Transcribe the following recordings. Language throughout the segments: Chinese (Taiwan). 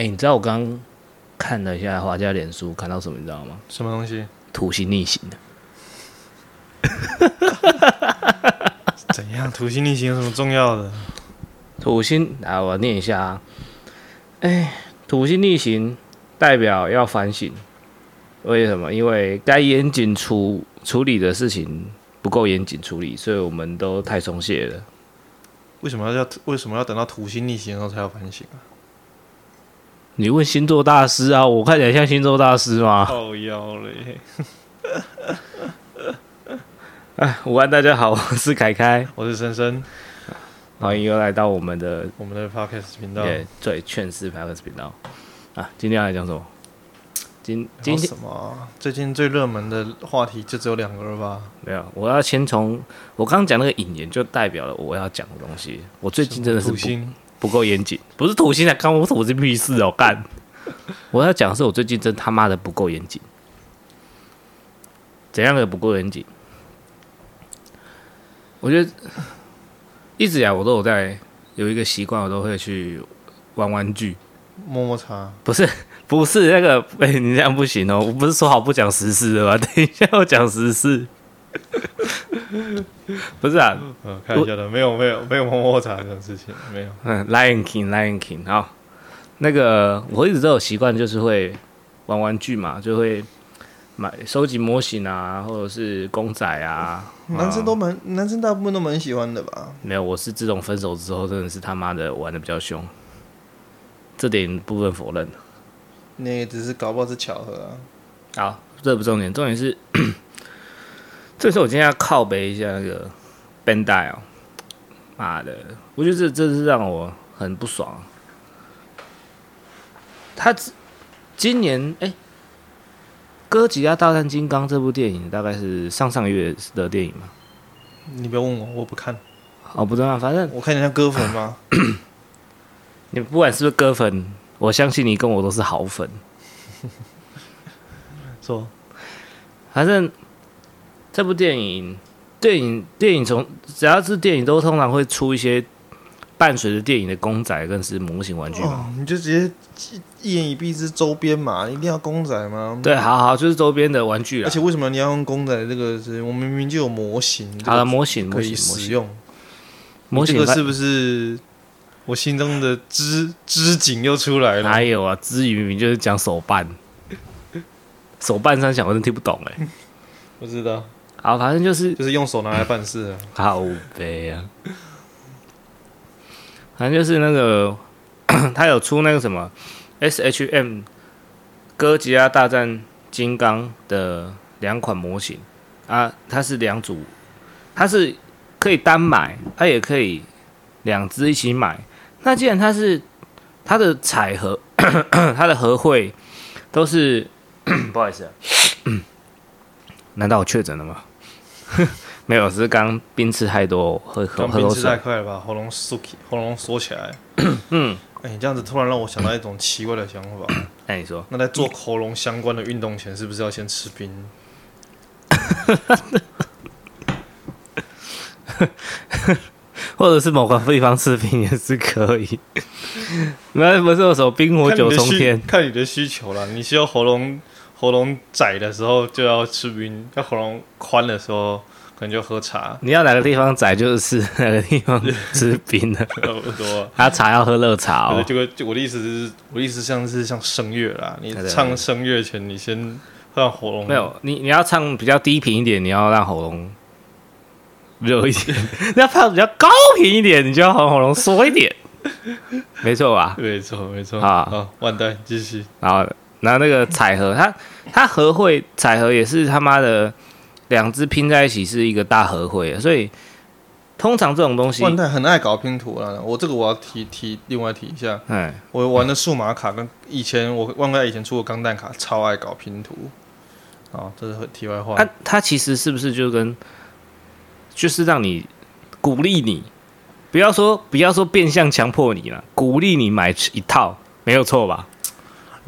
哎、欸，你知道我剛看了一下華家臉書，看到什麼？你知道嗎？什麼東西？土星逆行的。 怎樣？土星逆行有什麼重要的？土星，來我念一下、啊。哎、欸，土星逆行代表要反省。為什麼？因為該嚴謹處處理的事情不夠嚴謹處理，所以我們都太鬆懈了。為什麼要為什麼要等到土星逆行後才要反省啊？你問星座大師啊？我看起來像星座大師嗎？好妖嘞！哎，午安大家好，我是凱凱，我是森森，歡迎又來到我們的我們的 podcast 頻道，對，yeah, 最勸世 podcast 頻道啊。今天要來講什麼？今今天什麼、啊？最近最熱門的話題就只有兩個了吧？沒有，我要先從我剛剛講那個引言，就代表了我要講的東西。我最近真的是。是不夠嚴謹，不是土星在、啊、幹我土星屁事哦、喔！幹，我要講的是我最近真他媽的不夠嚴謹，怎樣的不夠嚴謹？我覺得一直以來，我都有在有一個習慣，我都會去玩玩具，摸摸茶。不是，不是那個，哎、欸，你這樣不行哦、喔！我不是說好不講時事的嗎？等一下要講時事。 不是啊，嗯、看一下的我。沒有沒有沒有摸摸茶這種事情，沒有。嗯，Lion King，Lion King 好，那個我一直都有習慣，就是會玩玩具嘛，就會買收集模型啊，或者是公仔啊。男生都蠻，啊、男生大部分都蠻喜歡的吧？沒有，我是自從分手之後，真的是他媽的玩得比較凶，這點部分否認的。那只是搞不好是巧合啊。好，這個、不重點，重點是。 這是我今天要靠北一下那個 Bandai 哦，媽的！我覺得這這是讓我很不爽。他今年哎，誒《哥吉拉大戰金剛》這部電影大概是上上個月的電影嘛？你不要問我，我不看。哦，不知道，反正我看你像哥粉嗎、啊、咳咳，你不管是不是哥粉，我相信你跟我都是好粉。說 做，反正。這部電影、電影、電影從只要是電影，都通常會出一些伴隨着電影的公仔，跟是模型玩具嘛、哦。你就直接一言以蔽之，周邊嘛，一定要公仔嗎？對，好好，就是周邊的玩具。而且為什麼你要用公仔這個？我明明就有模型，這個、好的模型可以使用。模型，這個是不是我心中的支、支語警察又出來了？還有啊，支語明明就是講手辦， 手辦上講，我真的聽不懂哎、欸，不 知道。好，反正就是就是用手拿來辦事啊，好悲啊！反正就是那個他有出那個什麼 SHM 哥吉拉大戰金剛的兩款模型啊，它是兩組，它是可以單買，它、啊、也可以兩隻一起買。那既然它是它的彩盒，它的盒繪都是，不好意思，啊。難道我確診了嗎？沒有，只是剛冰吃太多，喝喝喝吃太快了吧？喉嚨縮起，喉嚨縮起來。 嗯、欸，哎，你這樣子突然讓我想到一種奇怪的想法。那 你說，那在做喉嚨相關的運動前，是不是要先吃冰？ 或者是某個地方吃冰也是可以。那不是有什麼《冰火九重天》，看你的需求了，你需要喉嚨。喉嚨窄的時候就要吃冰，要喉嚨寬的時候可能就喝茶。你要哪個地方窄就是吃哪個地方吃冰的差不多、啊，他要茶要喝熱茶、哦。這個我的意思是，我的意思像是像聲樂啦，你唱聲樂前你先讓喉嚨沒有你你要唱比較低頻一點，你要讓喉嚨熱有一點； 你要唱比較高頻一點，你就要讓喉嚨縮一點。 沒錯吧？沒錯沒錯啊！好，萬代繼續，然後。然後那個彩盒，它它盒繪彩盒也是他媽的兩只拼在一起是一個大盒繪，所以通常這種東西，萬代很愛搞拼圖啦。我這個我要提提另外一提一下，哎、嗯，我玩的數碼卡跟以前我萬代以前出的鋼彈卡超愛搞拼圖哦，這是很題外話。它、啊、它其實是不是就跟就是讓你鼓勵你，不要說不要說變相強迫你了，鼓勵你買一套沒有錯吧？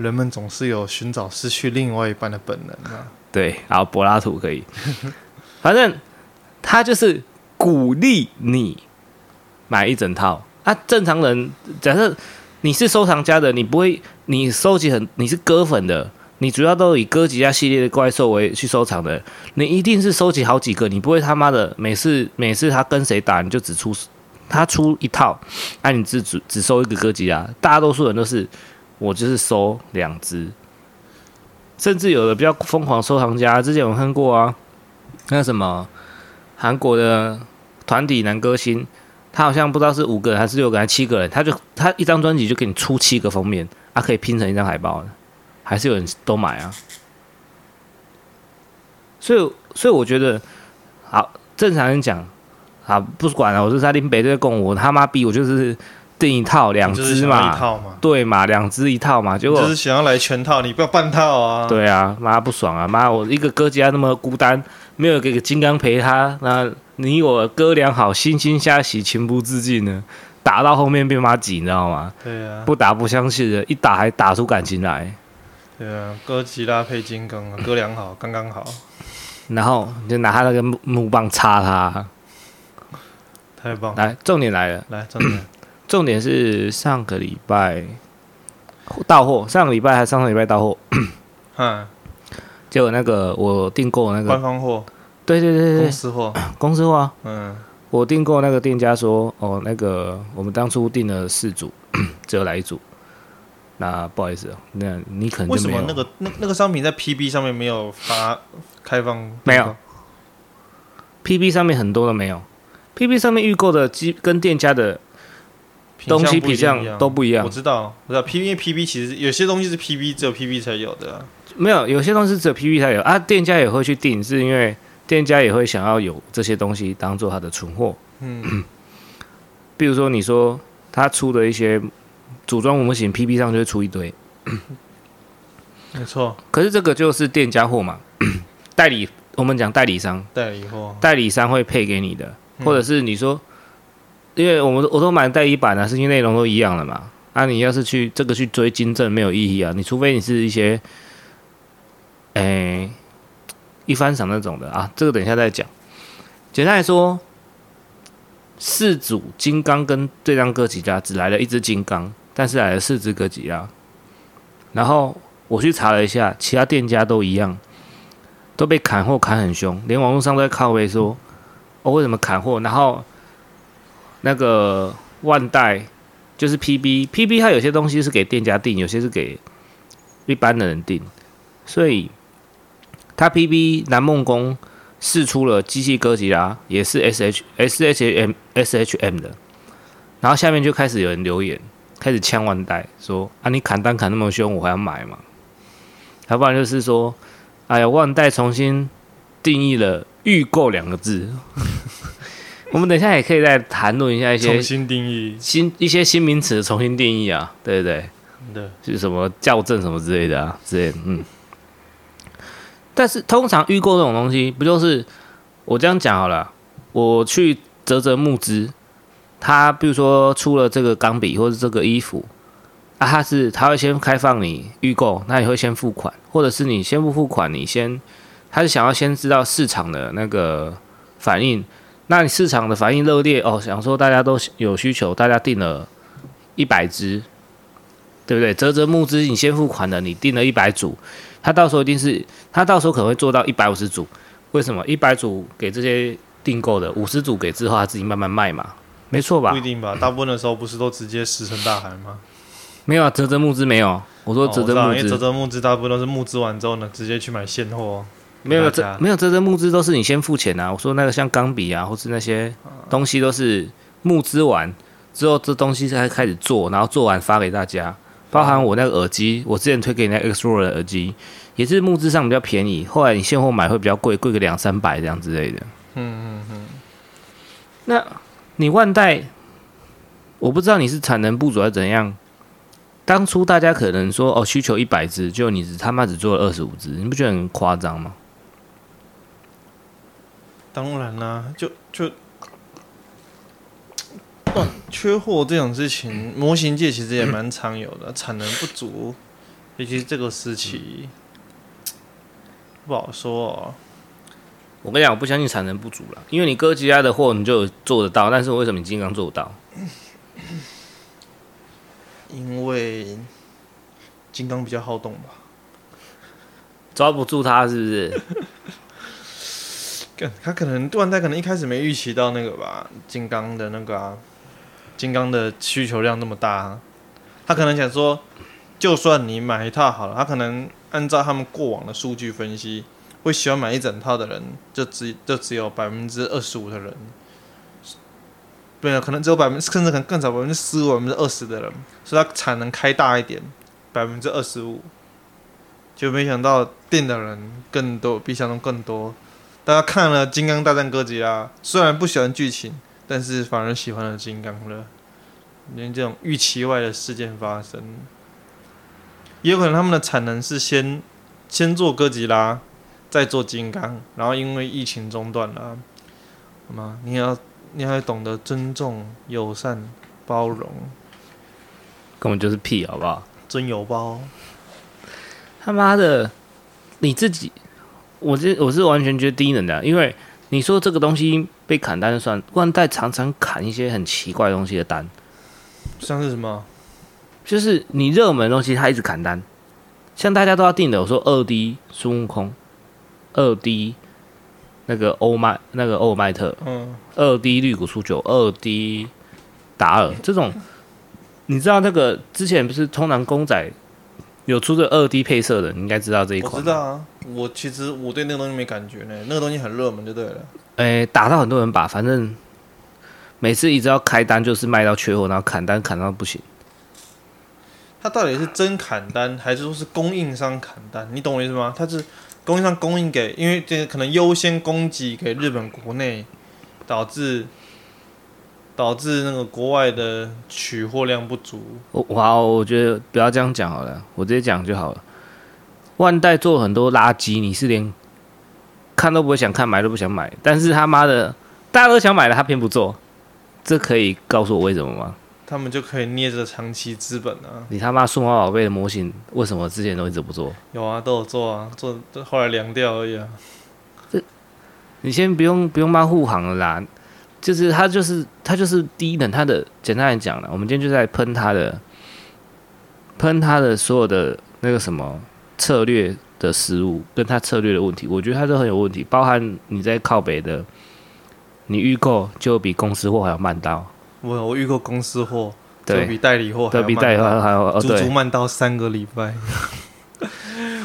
人們總是有尋找失去另外一半的本能啊。對，然後柏拉圖可以， 反正他就是鼓勵你買一整套。啊，正常人，假設你是收藏家的，你不會，你收集很，你是哥粉的，你主要都以哥吉拉系列的怪獸為去收藏的，你一定是收集好幾個，你不會他媽的每次每次他跟誰打，你就只出他出一套，哎、啊，你只只收一個哥吉拉。大多數人都是。我就是收兩隻，甚至有的比較瘋狂收藏家，之前有看過啊，那個什麼韓國的團體男歌星，他好像不知道是五個人還是六個人還是七個人，他就他一張專輯就給你出七個封面，啊，他可以拼成一張海報的，還是有人都買啊。所以，所以我覺得，好，正常人講，好，不管了，啊，我是他拎杯在供我，他媽逼我就是。進一套兩隻嘛，一套對嘛，兩只一套嘛，就就是想要來全套，你不要半套啊！對啊，媽不爽啊，媽，我一個哥吉拉那麼孤單，沒有給個金剛陪他，那你我哥倆好惺惺相惜，情不自禁呢，打到後面被媽擠，你知道嗎？對啊，不打不相信的，一打還打出感情來。對啊，哥吉拉配金剛，哥倆好，剛剛、嗯、好。然後就拿他那個木木棒插他，太棒！來，重點來了，來重點。 重點是上個禮拜到貨，上個禮拜還是上個禮拜到貨？嗯，結果那個我訂購那個官方貨，對對對對，公司貨，公司貨啊。嗯，我訂購那個店家說，哦，那個我們當初訂了四組，只有來一組，那不好意思，那你可能為什麼那個那那個商品在 P B 上面沒有發開放？開放？沒有，P B 上面很多都沒有，P B 上面預購的機跟店家的。一一東西品相都不一樣。我知道，我知道。P B, 因為 P B 其實有些東西是 P B 只有 P B 才有的，啊，沒有有些東西是只有 P B 才有啊。店家也會去訂，是因為店家也會想要有這些東西當做他的存貨。嗯，比如說你說他出的一些組裝模型，P B 上就會出一堆。 沒錯 錯。可是這個就是店家貨嘛，代理我們講代理商代理貨，代理商會配給你的，或者是你說。嗯因為我們我都買代理版啊，事情內容都一樣的嘛。那、啊、你要是去這個去追金正沒有意義啊。你除非你是一些，誒、哎，一番賞那種的啊。這個等一下再講。簡單來說，四組金剛跟對戰哥吉拉只來了一隻金剛，但是來了四只哥吉拉。然後我去查了一下，其他店家都一樣，都被砍貨砍很凶，連網絡上都在靠北說：哦，為什麼砍貨？然後。那個萬代就是 P B P B，它有些東西是給店家訂，有些是給一般的人訂，所以他 P B 南夢宮釋出了機器哥吉拉，也是 S H S H M S H M 的，然後下面，就開始有人留言，開始嗆萬代說，啊，你砍單砍那麼凶，我還要買嘛？要不然就是說，哎呀，萬代重新定義了預購兩個字。 我們等一下也可以再談論一下一些重新定義新一些新名詞重新定義啊，對不對？對，是什麼校正什麼之類的啊之類的，嗯。但是通常預購這種東西，不就是我這樣講好了？我去嘖嘖募資，他比如說出了這個鋼筆或者這個衣服啊，他是他會先開放你預購，那也會先付款，或者是你先不付款，你先，他是想要先知道市場的那個反應。那你市場的反應熱烈哦，想說大家都有需求，大家訂了一百隻，對不對？嘖嘖募資，你先付款的，你訂了一百組，他到時候一定是，他到時候可能會做到一百五十組，為什麼？一百組給這些訂購的，五十組給之後他自己慢慢賣嘛，沒錯吧？不一定吧，大部分的時候不是都直接石沉大海嗎？沒有啊，嘖嘖募資沒有，我說嘖嘖募資，嘖嘖募資大部分都是募資完之後呢，直接去買現貨哦。沒有這沒有這這募資都是你先付錢啊！我說那個像鋼筆啊，或是那些東西都是募資完之後，這東西才開始做，然後做完發給大家。包含我那個耳機，我之前推給你那 XRO 的耳機，也是募資上比較便宜，後來你現貨買會比較貴，貴個兩三百這樣之類的。嗯嗯嗯。嗯嗯，那你萬代，我不知道你是產能不足還是怎樣。當初大家可能說哦，需求一百隻，就你只他媽只做了二十五隻，你不覺得很誇張嗎？當然啦、啊，就就缺貨這種事情，嗯、模型界其實也蠻常有的，嗯、產能不足，尤其是這個時期，嗯、不好說哦。我跟你講，我不相信產能不足了，因為你哥吉拉的貨你就做得到，但是我為什麼金剛做不到？因為金剛比較好動吧，抓不住他是不是？ 他可能，萬代可能一開始沒預期到那個吧，金剛的那個啊，金剛的需求量那麼大，啊，他可能想說，就算你買一套好了，他可能按照他們過往的數據分析，會喜歡買一整套的人，就只就只有百分之二十五的人，對啊，可能只有百分之甚至可能更少百分之十五、百分之二十的人，所以他產能開大一點，百分之二十五，就沒想到訂的人更多，比想象中更多。大家看了《金剛大戰哥吉拉》，雖然不喜歡劇情，但是反而喜歡了金剛了。連這種預期外的事件發生，也有可能他們的產能是先先做哥吉拉，再做金剛，然後因為疫情中斷了。好嗎？你要，你要懂得尊重、友善、包容，根本就是屁，好不好？尊友包，他媽的，你自己。我是我是完全覺得低能的，因為你說這個東西被砍單就算，萬代常常砍一些很奇怪東西的單，像是什麼？就是你熱門的東西他一直砍單，像大家都要定的，我說二 D 孫悟空，二 D 那個歐麥那個歐麥特，嗯，二 D 綠谷出久，二 D 達爾這種，你知道那個之前不是通常公仔有出這二 D 配色的，你應該知道這一款，我知道啊。我其實我對那個東西沒感覺呢，那個東西很熱門就對了。誒、欸，打到很多人吧，反正每次一直要開單就是賣到缺貨，然後砍單砍到不行。他到底是真砍單，還是說是供應商砍單？你懂我意思嗎？他是供應商供應給，因為這個可能優先供給給日本國內，導致導致那個國外的取貨量不足。哇哦，我覺得不要這樣講好了，我直接講就好了。萬代做很多垃圾，你是連看都不會想看，買都不想買。但是他媽的，大家都想買了，他偏不做，這可以告訴我為什麼嗎？他們就可以捏着長期資本啊！你他媽數碼寶貝的模型為什麼之前都一直不做？有啊，都有做啊，做後來涼掉而已啊。這你先不用不用罵護航了啦，就是他就是他就是第一等，他的簡單來講了，我們今天就在噴他的，噴他的所有的那個什麼。策略的失誤，跟他策略的問題，我覺得他都很有問題。包含你在靠北的，你預購就比公司貨還要慢到我，我預購公司貨就比代理貨還要慢，足足、哦、慢到三個禮拜。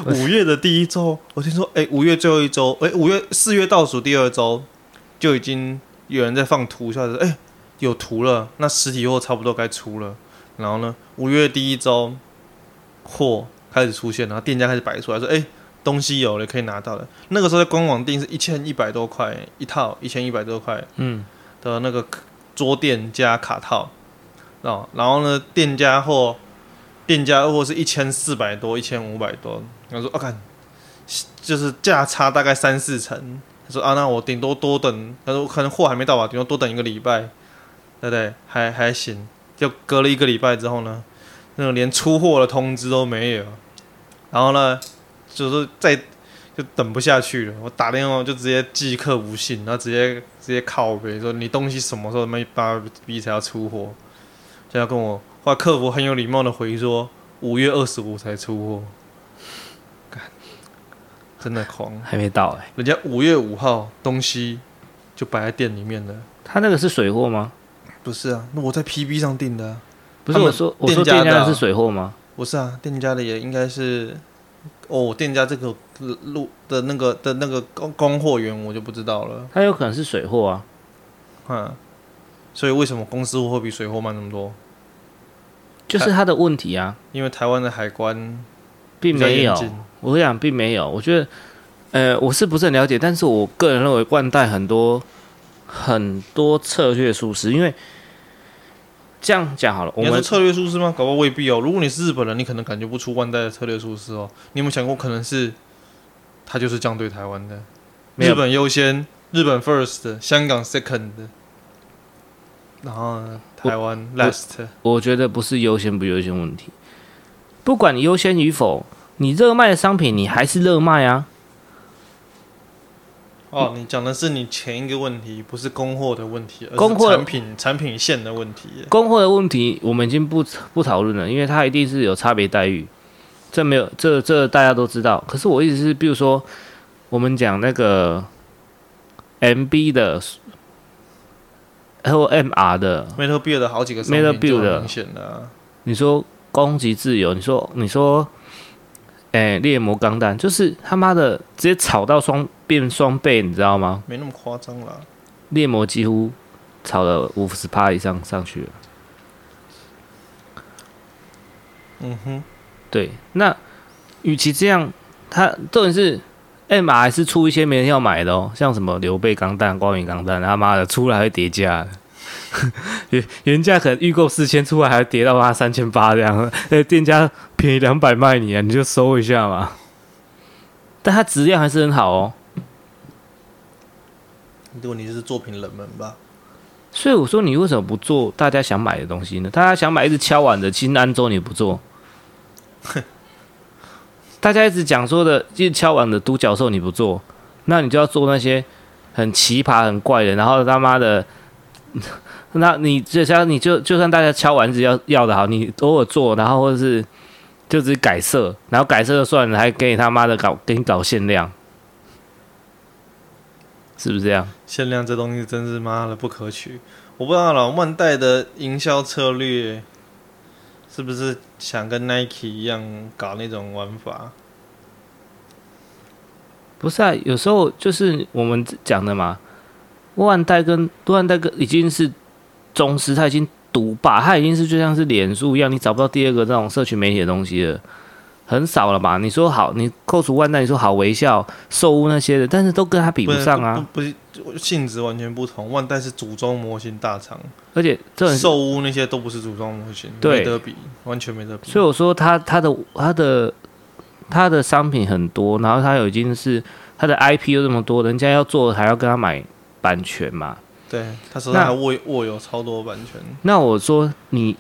五 我月的第一周，我聽說，誒、欸，五月最後一周，誒、欸，五月四月倒數第二周，就已經有人在放圖，下是誒，有圖了，那實體貨差不多該出了。然後呢，五月第一周貨。開始出現，然後店家開始擺出來說：“哎、欸，東西有了，可以拿到了。”那個時候在官網訂是一千一百多塊一套，一千一百多塊，嗯，的那個桌墊加卡套，哦、嗯，然後呢，店家貨，店家貨是一千四百多，一千五百多，他說：“我、啊、看，就是價差大概三四成。”他說：“啊，那我頂多多等。”他說：“我可能貨還沒到吧，頂多多等一個禮拜，對不對？還還行。”就隔了一個禮拜之後呢。那個連出貨的通知都沒有，然後呢，就是再就等不下去了，我打電話就直接寄客服信，然後直接直接靠北，說，你東西什麼時候什八 B 才要出貨，現在跟我，後來，客服很有禮貌的回說，五月二十五才出貨，真的狂，還沒到哎、欸，人家五月五號東西就擺在店裡面的，他那個是水貨嗎？不是啊，那我在 PB 上訂的。不是我說，我說店家，是水貨嗎？不是啊，店家的也應該是哦，店家這個路的那個的那個供供貨源我就不知道了。他有可能是水貨啊，嗯、啊，所以為什麼公司貨會比水貨慢那麼多？就是他的問題啊，因為台灣的海關並沒有，我想並沒有。我覺得，呃，我是不是很了解？但是我個人認為冠帶很多很多策略屬實，因為。這樣講好了，我們策略素質嗎？搞不好未必哦、喔。如果你是日本人，你可能感覺不出萬代的策略素質哦。你有沒有想過，可能是他就是這樣對台灣的？日本優先，有日本 first，香港 second，然後呢，台灣 last。我我。我覺得不是優先不優先問題，不管你優先與否，你熱賣的商品，你還是熱賣啊。哦，你講的是你前一個問題，不是供貨的問題，而是產品產品線的問題。供貨的問題我們已經不不討論了，因為它一定是有差別待遇，這沒有這這大家都知道。可是我意思是，比如說我們講那個 MB 的、LMR 的、Metal Build 的好幾個 Metal Build 明顯的、啊，你說攻擊自由，你說你說。哎，獵魔鋼彈就是他媽的直接炒到雙變雙倍，你知道嗎？沒那麼誇張啦，獵魔幾乎炒了五十趴以上上，上去了。嗯哼，對，那與其這樣，他重點是 M 還是出一些沒人要買的哦，像什麼劉備鋼彈、光明鋼彈，他媽的出來會疊加的。 原原價可能預購四千，出來還要跌到他媽三千八這樣，那、欸、店家便宜兩百賣你啊，你就收一下嘛。但它質量還是很好哦。問題就是作品冷門吧。 所以我說你為什麼不做大家想買的東西呢？大家想買一直敲碗的新安洲你不做，哼， 大家一直講說的一直敲碗的獨角獸，你不做，那你就要做那些很奇葩很怪的，然後他媽的。 那你就像你就就算大家敲丸子，要要的好，你偶爾做，然後或者是就只是改色，然後改色就算了，還給你他媽的搞給你搞限量，是不是這樣？限量這東西真是媽的不可取，我不知道了。萬代的營銷策略是不是想跟 Nike 一樣搞那種玩法？不是啊，有時候就是我們講的嘛，萬代跟多萬代跟已經是。宗師他已經獨霸，它已經是就像是臉書一樣，你找不到第二個這種社群媒體的東西了，很少了吧？你說好，你扣除萬代，你說好微笑、壽屋那些的，但是都跟它比不上啊，不是不不不性質完全不同。萬代是組裝模型大廠，而且壽屋那些都不是組裝模型，對沒得比，完全沒得比。所以我說它他，他的它的它的商品很多，然後它已經是它的 IP 又這麼多，人家要做的還要跟他買版權嘛。對，他手上還握那握有超多版權。那我說你，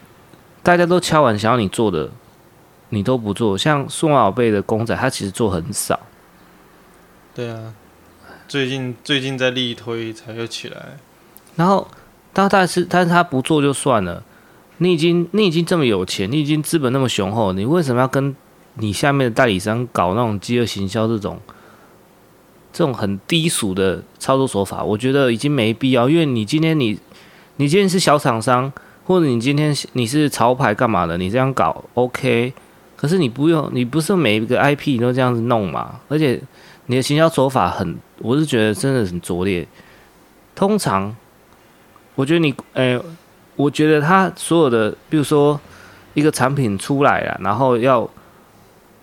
大家都敲完想要你做的，你都不做。像數碼寶貝的公仔，他其實做很少。對啊，最近最近在力推才又起來。然後，他但是但是他不做就算了。你已經你已經這麼有錢，你已經資本那麼雄厚，你為什麼要跟你下面的代理商搞那種飢餓行銷這種？這種很低俗的操作手法，我覺得已經沒必要。因為你今天你，你今天是小廠商，或者你今天你是潮牌幹嘛的？你這樣搞 OK，可是你不用，你不是每一個 IP 你都這樣子弄嘛？而且你的行銷手法很，我是覺得真的很拙劣。通常，我覺得你，哎、欸，我覺得他所有的，比如說一個產品出來了，然後要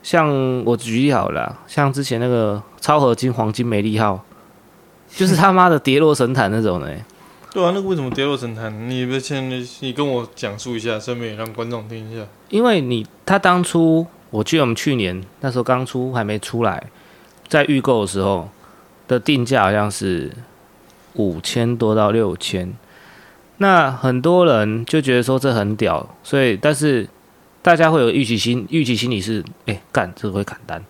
像我舉例好了，像之前那個。超合金黃金梅利號，就是他媽的跌落神壇那種呢。對啊，那個為什麼跌落神壇？你先你跟我講述一下，順便也讓觀眾聽一下。因為你他當初，我記得我們去年那時候剛出還沒出來，在預購的時候的定價好像是五千多到六千，那很多人就覺得說，這很屌，所以但是大家會有預期心，預期心理是哎幹這個會砍單，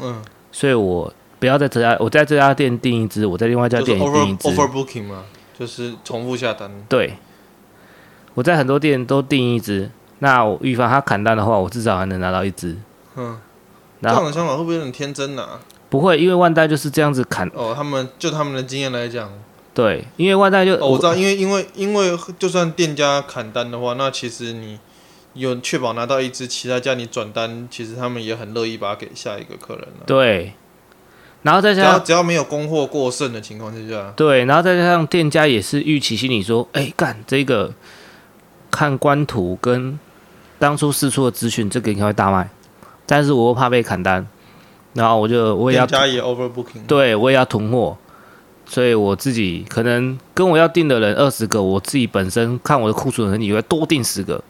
嗯，所以我。不要在這家，我在這家店訂一支，我在另外一家店訂一支。是 Overbooking 嘛，就是重複下單。對，我在很多店都訂一支，那我預防他砍單的話，我至少還能拿到一支。嗯呵，後這樣的想法會不會有點天真呢、啊？不會，因為萬代就是這樣子砍。哦，他們就他們的經驗來講，對，因為萬代就、哦、我知道，因為因為因為就算店家砍單的話，那其實你有確保拿到一支，其他家你轉單，其實他們也很樂意把它給下一個客人了。對。然後再加上只，只要沒有供貨過剩的情況之下，對，然後再加上店家也是預期心理說，哎，幹這個看官圖跟當初試出的資訊，這個應該會大賣，但是我又怕被砍單，然後我就我也要店家也 overbooking，對我也要囤貨，所以我自己可能跟我要訂的人二十個，我自己本身看我的庫存，我以為多訂十個，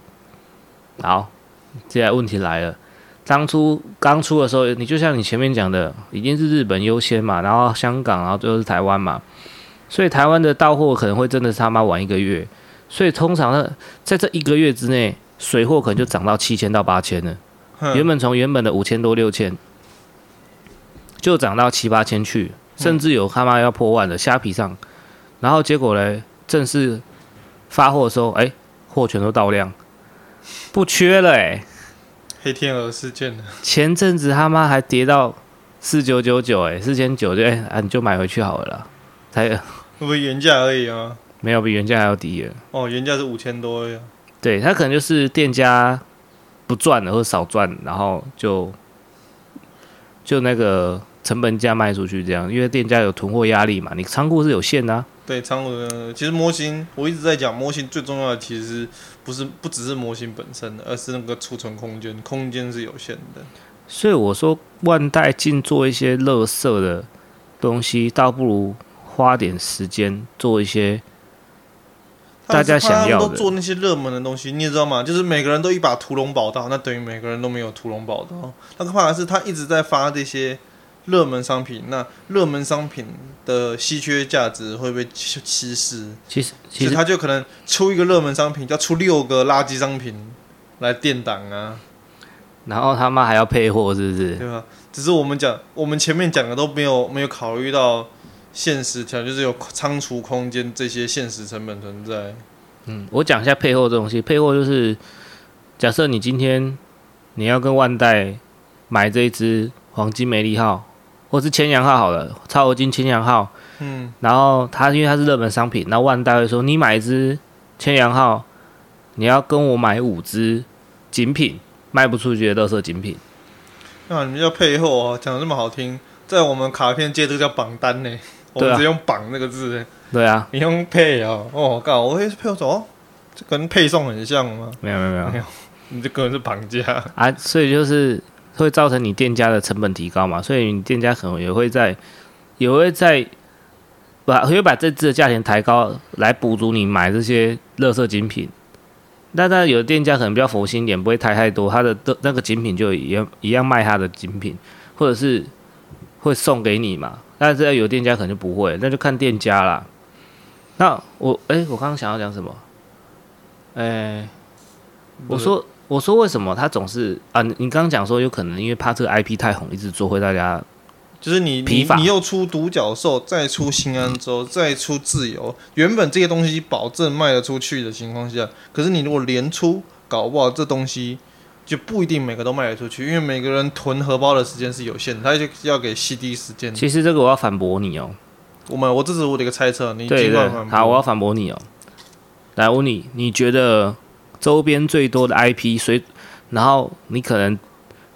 好，現在問題來了。當初剛出的時候，你就像你前面講的，已經是日本優先嘛，然後香港，然後最後是台灣嘛，所以台灣的到貨可能會真的是他媽晚一個月，所以通常呢，在這一個月之內，水貨可能就漲到七千到八千了，原本從原本的五千多六千，就漲到七八千去，甚至有他媽要破萬的蝦皮上，然後結果呢，正式發貨的時候，哎、欸，貨全都到量，不缺了哎、欸。黑天鵝事件前陣子他媽還跌到四九九九，哎，四千九就哎，啊，你就買回去好了啦，才，會不會原價而已啊，沒有比原價還要低了，哦，原價是五千多呀，啊，對他可能就是店家不賺的或者少賺，然後就就那個成本價賣出去這樣，因為店家有囤貨壓力嘛，你倉庫是有限的，啊。對，倉鼠。其實模型，我一直在講，模型最重要的其實是不是不只是模型本身，而是那個儲存空間，空間是有限的。所以我說，萬代盡做一些垃圾的東西，倒不如花點時間做一些大家想要的。他，是他都做那些熱門的東西，你知道嗎？就是每個人都一把屠龍寶刀，那等於每個人都沒有屠龍寶刀。那個怕是他一直在發這些。熱門商品，那熱門商品的稀缺價值會被稀稀釋，其實其實他就可能出一個熱門商品，要出六個垃圾商品來墊檔啊，然後他媽還要配貨是不是？對吧？只是我們講，我們前面講的都沒有沒有考慮到現實條，就是有倉儲空間這些現實成本存在。嗯，我講一下配貨這東西，配貨就是假設你今天你要跟萬代買這一支黃金梅利號。我是千陽號好了，超合金千陽號，嗯，然後他因為他是熱門商品，那萬代會說你買一只千陽號，你要跟我買五只錦品，賣不出去的特色錦品。啊你要啊、那你們配貨哦，講的這麼好聽，在我們卡片界，這叫綁單呢。我們只用綁那個字。對啊，你用配啊、哦？我、哦、靠，我會配貨走、哦？這跟配送很像嗎？沒有沒有沒有沒有， 你這個人是綁架啊！所以就是。會造成你店家的成本提高嘛，所以你店家可能也會在，也會在把，會把這支的價錢抬高來補足你買這些樂色精品。那但有的店家可能比較佛心一點，不會抬太多，他的的那個精品就一樣一樣賣他的精品，或者是會送給你嘛。但是有的店家可能就不會，那就看店家啦。那我，哎、欸，我剛剛想要講什麼？哎、欸，我說。我說為什麼他總是啊？你你剛剛講說有可能因為怕這個 IP 太紅，一直做會大家就是你你,你又出獨角獸，再出新安州，再出自由。原本這些東西保證賣得出去的情況下，可是你如果連出，搞不好這東西就不一定每個都賣得出去，因為每個人囤荷包的時間是有限的，他就要給 CD 時間。其實這個我要反駁你哦，我們我這是我的一個猜測，你儘管反駁，對對，好，我要反駁你哦，來問你，你覺得？周邊最多的 IP，所以然後你可能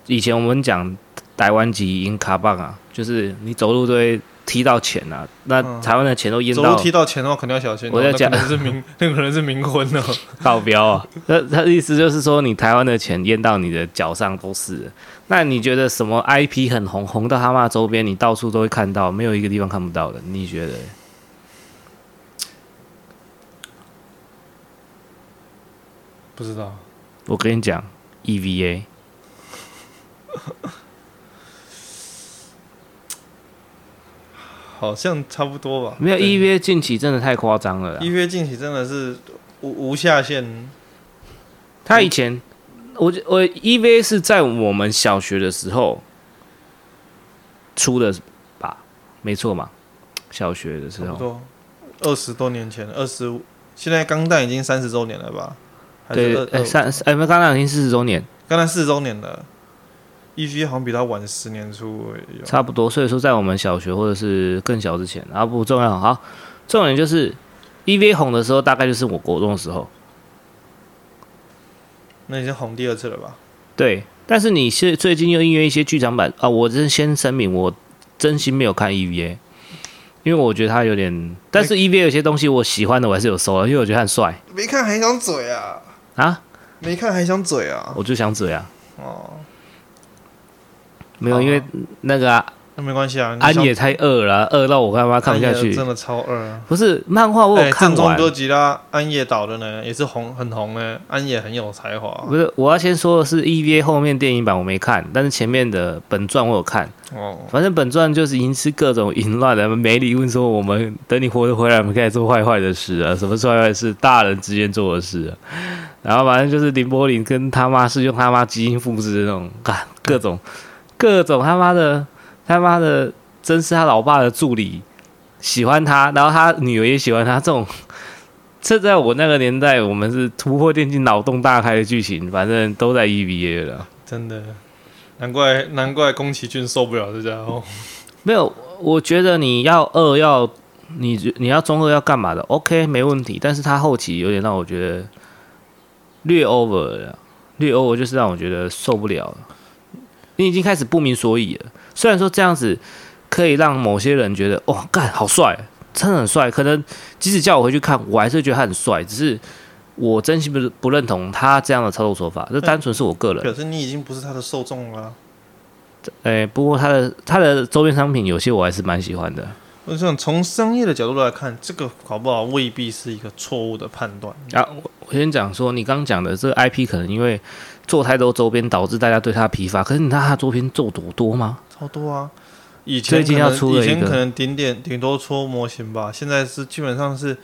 以前我們講台灣已印卡棒啊，就是你走路都會踢到錢啊。那台灣的錢都淹到、嗯、走路踢到錢的話，肯定要小心。我在講，的是民， 那可能是民婚哦，盜標啊。那他的意思就是說，你台灣的錢淹到你的腳上都是。那你覺得什麼 IP 很紅，紅到他媽周邊，你到處都會看到，沒有一個地方看不到的？你覺得？不知道，我跟你講，EVA， 好像差不多吧。沒有，EVA 近期真的太誇張了。嗯、EVA 近期真的是無無下限。他以前，嗯、我我 EVA 是在我們小學的時候出的吧？沒錯嘛，小學的時候，二十多，多年前，二十，現在鋼彈已經三十周年了吧？2, 對，哎、欸，三哎，不，剛才已經四十周年，剛才四十周年的，E V 好像比他晚十年出，差不多，所以說在我們小學或者是更小之前，啊，不重要，好，重點就是 E V A 紅的時候，大概就是我國中的時候，那已經紅第二次了吧？對，但是你是最近又因為一些劇場版啊，我真是先聲明，我真心沒有看 E V A，因為我覺得他有點，欸、但是 E V A 有些東西我喜歡的我還是有收了，因為我覺得他很帥，沒看還想嘴啊。啊！沒看還想嘴啊！我就想嘴啊！哦，沒有，因為、啊、那個、啊。那沒關係啊，安野太二了，啊，二到我跟他媽看不下去，真的超二，啊。不是漫畫我有看，欸，正宗哥吉拉，安野導的呢，也是紅很紅誒，欸，安野很有才華，啊。不是我要先說的是 EVA 後面電影版我沒看，但是前面的本傳我有看哦。反正本傳就是已經是各種淫亂的，沒理由說我們等你活着回來我們可以做壞壞的事啊，什麼壞壞事，大人之間做的事，啊。然後反正就是綾波麗跟他媽是用他媽基因複製的那種，各種、嗯、各種他媽的。他媽的，真是他老爸的助理喜歡他，然後他女兒也喜歡他，這種這在我那個年代，我們是突破電競腦洞大開的劇情，反正都在 EVA 了、啊。真的，難怪難怪宮崎駿受不了這家伙。哦，沒有，我覺得你要二要你你要中二要幹嘛的？OK，沒問題。但是他後期有點讓我覺得略 over 了，略 over 就是讓我覺得受不了了。你已經開始不明所以了。雖然說這樣子可以讓某些人覺得，哇，幹好帥，真的很帥。可能即使叫我回去看，我還是覺得他很帥。只是我真心不是不認同他這樣的操作手法，這單純是我個人。欸，可是你已經不是他的受眾了。哎，欸，不過他的他的周邊商品有些我還是蠻喜歡的。我想從商業的角度來看，這個搞不好未必是一個錯誤的判斷。啊，我我先講說，你剛剛講的這個 IP，可能因為。做太多周邊導致大家對他疲乏，可是你看他周邊做多多嗎？超多啊！以前最近要出，以前可能頂點頂多出模型吧，現在是基本上是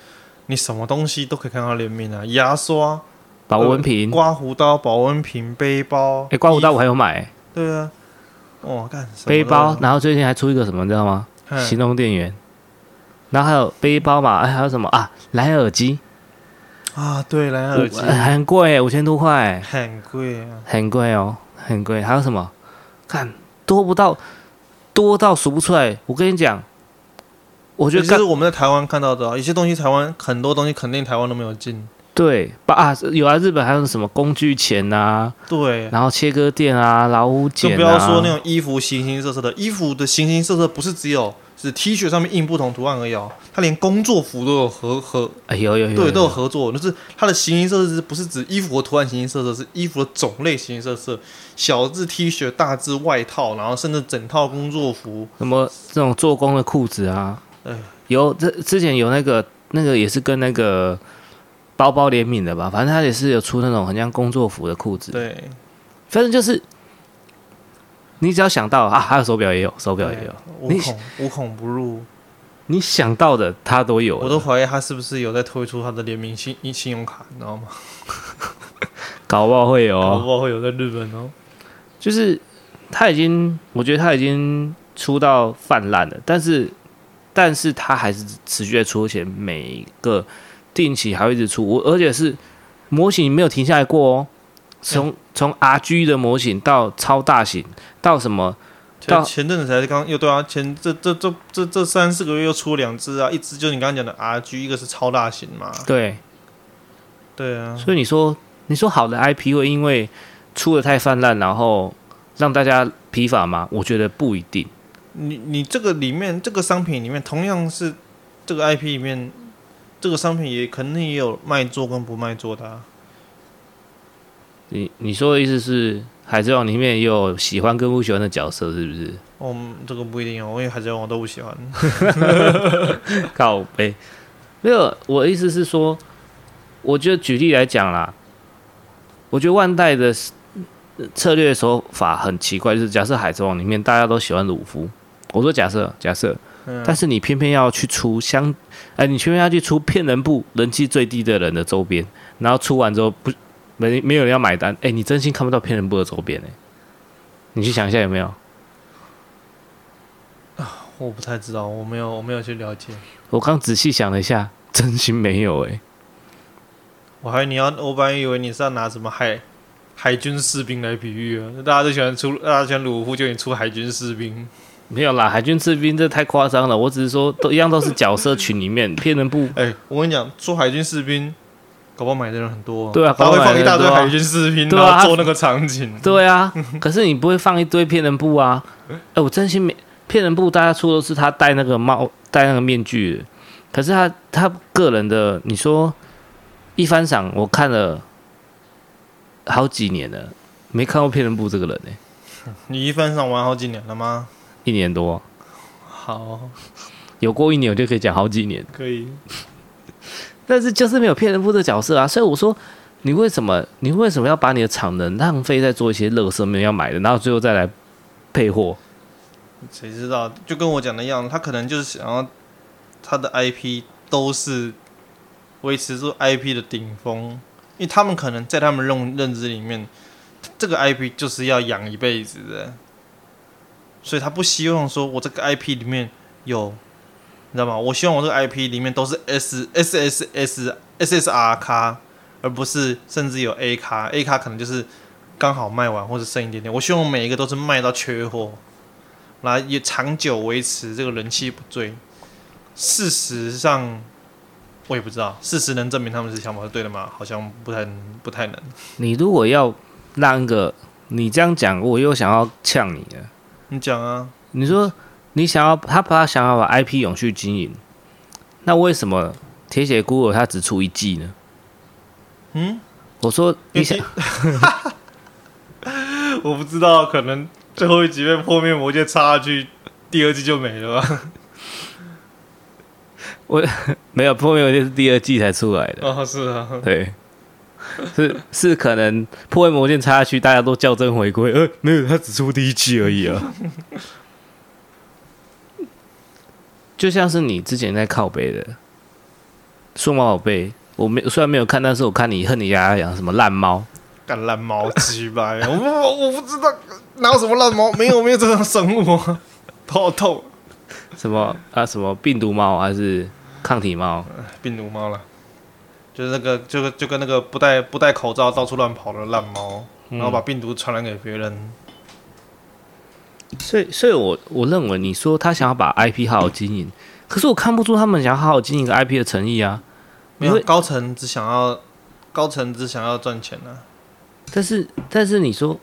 你什麼東西都可以看到聯名啊，牙刷、保溫瓶、呃、刮鬍刀、保溫瓶、背包。誒、欸，刮鬍刀我還有買、欸。對啊，哦、幹、啊、背包，然後最近還出一個什麼，知道嗎？行嘿動電源。然後還有背包嘛，還有什麼啊？藍牙耳機。啊，對，藍牙耳機很貴，五千多塊，很貴, 5, 很，貴、啊、很貴哦，很貴。還有什麼？看幹多不到，多到數不出來。我跟你講，我覺得這是我們在台灣看到的、啊，有些東西台灣很多東西肯定台灣都沒有進。對，把啊有啊，日本還有什麼工具鉗啊？對，然後切割墊啊，老虎鉗啊。就不要說那種衣服形形色色的衣服的形形色色，不是只有。只 T 恤上面印不同圖案而已哦，他連工作服都有合合，有有、哎、有，有有對，都有合作。就是它的形形色色，是不是指衣服的圖案形形色色，是衣服的種類形形色色。小字 T 恤、大字外套，然後甚至整套工作服，什麼這種做工的褲子啊，唉有這之前有那個那個也是跟那個包包聯名的吧，反正他也是有出那種很像工作服的褲子。對，反正就是。你只要想到啊，他的手錶也有，手錶也有，無孔你無孔不入。你想到的，他都有。我都懷疑他是不是有在推出他的聯名信信用卡，你知道嗎？ 搞不好會有，哦，搞不好會有在日本哦。就是他已經，我覺得他已經出到氾濫了，但是，但是他還是持續在出錢，而且每一個定期還會一直出，我而且是模型沒有停下來過哦從從 RG 的模型到超大型，到什麼？到前陣子才剛又對啊，前這這這這這三四個月又出了兩只啊，一只就是你剛剛講的 RG，一個是超大型嘛，對，對啊。所以你說你說好的 IP 會因為出的太泛濫，然後讓大家疲乏嗎？我覺得不一定。你你這個裡面這個商品裡面，同樣是這個 IP 裡面這個商品，也肯定也有賣座跟不賣座的啊。你你說的意思是《海賊王》裡面也有喜歡跟不喜歡的角色，是不是？嗯、哦，這個不一定哦，因為《海賊王》我都不喜歡。靠 北。 沒有，我的意思是說，我覺得舉例來講啦，我覺得萬代的策略手法很奇怪，就是假設《海賊王》裡面大家都喜歡魯夫，我說假設，假設，但是你偏偏要去出相，哎，你偏偏要去出騙人布人氣最低的人的周邊，然後出完之後不。沒沒有人要買單，誒、欸，你真心看不到騙人部的周邊誒、欸，你去想一下有沒有？啊，我不太知道，我沒有，我沒有去了解。我剛仔細想了一下，真心沒有誒、欸，我還以為你要，我本來以為你是要拿什麼海海軍士兵來比喻啊？大家都喜歡出，大家喜歡魯夫，就你出海軍士兵？沒有啦，海軍士兵這太誇張了。我只是說都一樣，都是角色群裡面騙 人部。誒、欸，我跟你講，出海軍士兵。搞不好買的人很多。啊，對啊，他、啊、會放一大堆海軍士兵，對啊，然後做那個場景，對啊。 可是你不會放一堆騙人布啊。哎、欸，我真心沒騙人布，大家說的是他戴那個帽，戴那個面具。可是他他個人的，你說一番賞，我看了好幾年了，沒看過騙人布這個人呢。你一番賞玩好幾年了嗎？一年多。好， 有過一年我就可以講好幾年，可以。但是就是沒有騙人布的角色啊，所以我說你為什麼你為什麼要把你的產能浪費在做一些樂色沒有要買的，然後最後再來配貨？誰知道？就跟我講的一樣，他可能就是想要他的 IP 都是維持住 IP 的頂峰，因為他們可能在他們認認知裡面，這個 IP 就是要養一輩子的，所以他不希望說我這個 IP 裡面有。你知道嗎？我希望我這個 IP 裡面都是 SSSSSR 卡，而不是甚至有 A 卡。A 卡可能就是剛好賣完或者剩一點點。我希望我每一個都是賣到缺貨，來也長久維持這個人氣不墜，事實上，我也不知道，事實能證明他們是想法是對的嗎？好像不太不太能。你如果要那個，你這樣講，我又想要嗆你了。你講啊，你說。你想要他，他想要把 IP 永續經營，那為什麼《鐵血孤兒》他只出一季呢？嗯，我說你想，天天 我不知道，可能最後一集被破滅魔劍插下去，第二季就沒了吧？我沒有，破滅魔劍是第二季才出來的，哦，是啊，對， 是是可能破滅魔劍插下去，大家都校正回歸，呃，沒有，他只出第一季而已啊。 就像是你之前在靠北的數碼寶貝，我沒雖然沒有看，但是我看你恨你家養什麼爛貓，幹爛貓雞巴，我我我不知道哪有什麼爛貓， 沒有沒有這種生物，好 痛！痛什麼啊？什麼病毒貓還是抗體貓？病毒貓啦，就是那個就跟就跟那個不戴不戴口罩到處亂跑的爛貓，然後把病毒傳染給別人。嗯所以，所以我我認為你說他想要把 IP 好好經營，可是我看不出他們想要好好經營一個 IP 的誠意啊。沒有，高層只想要高層只想要賺錢呢、啊。但是，但是你說，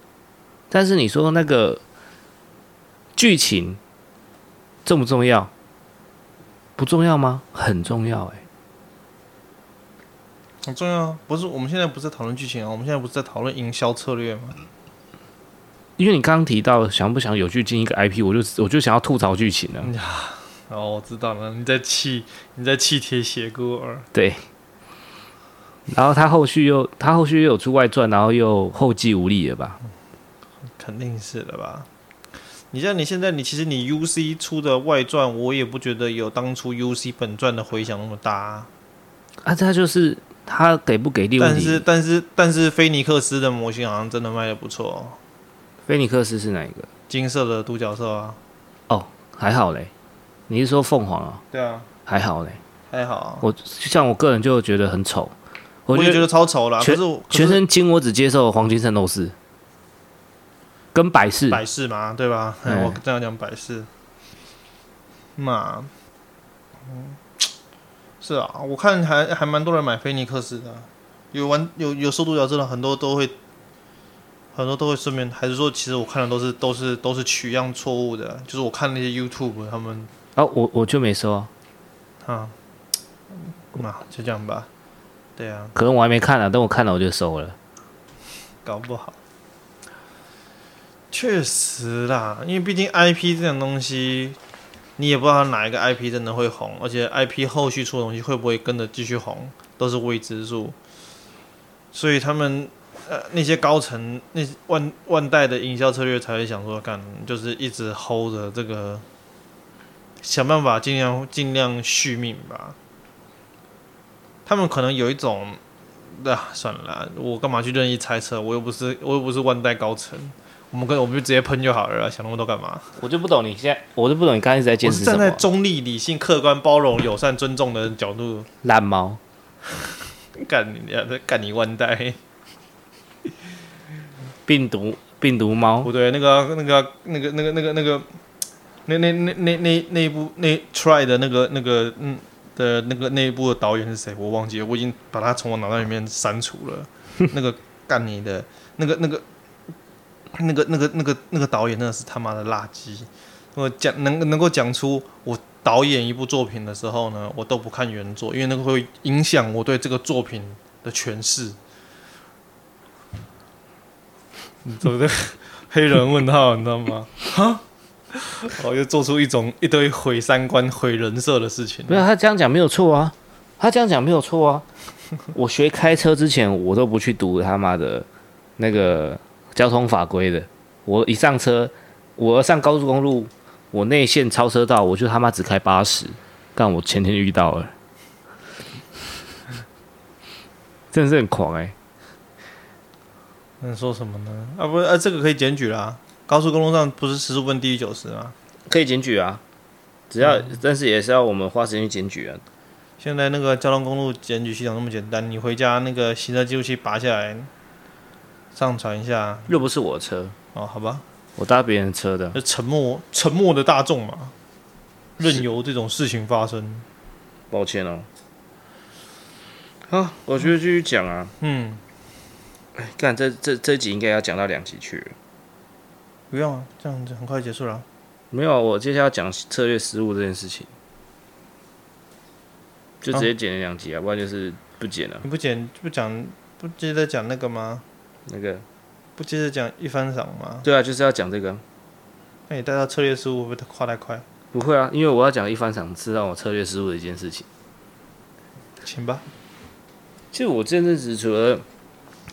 但是你說那個劇情重不重要？不重要嗎？很重要哎、欸，很重要啊！不是我們現在不是在討論劇情啊，我們現在不是在討論營銷策略嗎？因為你剛剛提到想不想有去進一個 IP，我就我就想要吐槽劇情了。啊，哦，我知道了，你在氣你在氣鐵血孤兒。對。然後他後續又他後續又有出外傳，然後又後繼無力了吧？肯定是的吧。你像你現在你其實你 UC 出的外傳，我也不覺得有當初 UC 本傳的回響那麼大。啊，他就是他給不給力？但是但是但是菲尼克斯的模型好像真的賣得不錯。菲尼克斯是哪一個？金色的獨角獸啊！哦，還好嘞。你是說鳳凰啊，哦？對啊，還好嘞。還好。我就像我個人就覺得很醜，我就覺、覺得超醜啦。全身全身金，我只接受黃金聖鬥士，跟百事。百事嘛，對吧？嗯、我這樣講百事、嗯。是啊，我看還還蠻多人買菲尼克斯的，有玩有有收獨角獸的很多都會。很多都會順便，還是說，其實我看的都是都是都是取樣錯誤的，就是我看那些 YouTube 他們啊、哦，我我就沒收啊，啊，那就這樣吧，對啊，可能我還沒看呢、啊，等我看了我就收了，搞不好，確實啦，因為畢竟 IP 這種東西，你也不知道哪一個 IP 真的會紅，而且 IP 後續出的東西會不會跟着繼續紅，都是未知數，所以他們。呃，那些高層，那些萬萬代的營銷策略才會想說，幹就是一直 hold 着這個，想辦法盡量盡量續命吧。他們可能有一種，啊，算了，我幹嘛去任意猜測？我又不是，我又不是萬代高層。我們跟我們就直接噴就好了啦，想那麼多幹嘛？我就不懂你現在，我就不懂你剛才一直在解釋，我站在中立、理性、客觀、包容、友善、尊重的角度，懶貓，幹 你幹你萬代。病毒病毒貓，不對，那個、啊、那個那個那個那個那個，那個、那個、那那那那，那一部那 try 的那個那個嗯的那個那一部的導演是誰？我忘記了，我已經把它從我腦袋裡面刪除了。 那個幹你的，那個那個那個那個那個那個導演那是他媽的垃圾！我講能能夠講出我導演一部作品的時候呢，我都不看原作，因為那個會影響我對這個作品的詮釋。你怎麼對？黑人問號，你知道嗎？哈、 啊，我又做出一種一堆毀三觀、毀人設的事情。沒有，他這樣講沒有錯啊。他這樣講沒有錯啊。 我學開車之前，我都不去讀他媽的那個交通法規的。我一上車，我上高速公路，我內線超車道，我就他媽只開八十。但我前天遇到了， 真的是很狂哎、欸。那說什麼呢？啊，不，啊，這個可以檢舉啦。高速公路上不是時速分低於九十嗎？可以檢舉啊，只要，嗯，但是也是要我們花時間去檢舉啊。現在那個交通公路檢舉系統那麼簡單，你回家那個行車記錄器拔下來，上傳一下。又不是我的車哦，好吧，我搭別人車的。沉默，沉默的大眾嘛，任由這種事情發生。抱歉哦，啊。好，啊，我覺得繼續講啊。嗯。哎，幹這這這集應該要講到兩集去了，不用啊，這樣子很快結束了。沒有，啊，我接下來要講策略失誤這件事情，就直接剪了兩集啊，啊不然就是不剪了。你不剪不講不接着講那個嗎？那個不接着講一番賞嗎？對啊，就是要講這個，啊。那你帶到策略失誤，不會誇太快？不會啊，因為我要講一番賞是讓我策略失誤的一件事情，請吧。其實我這陣子除了。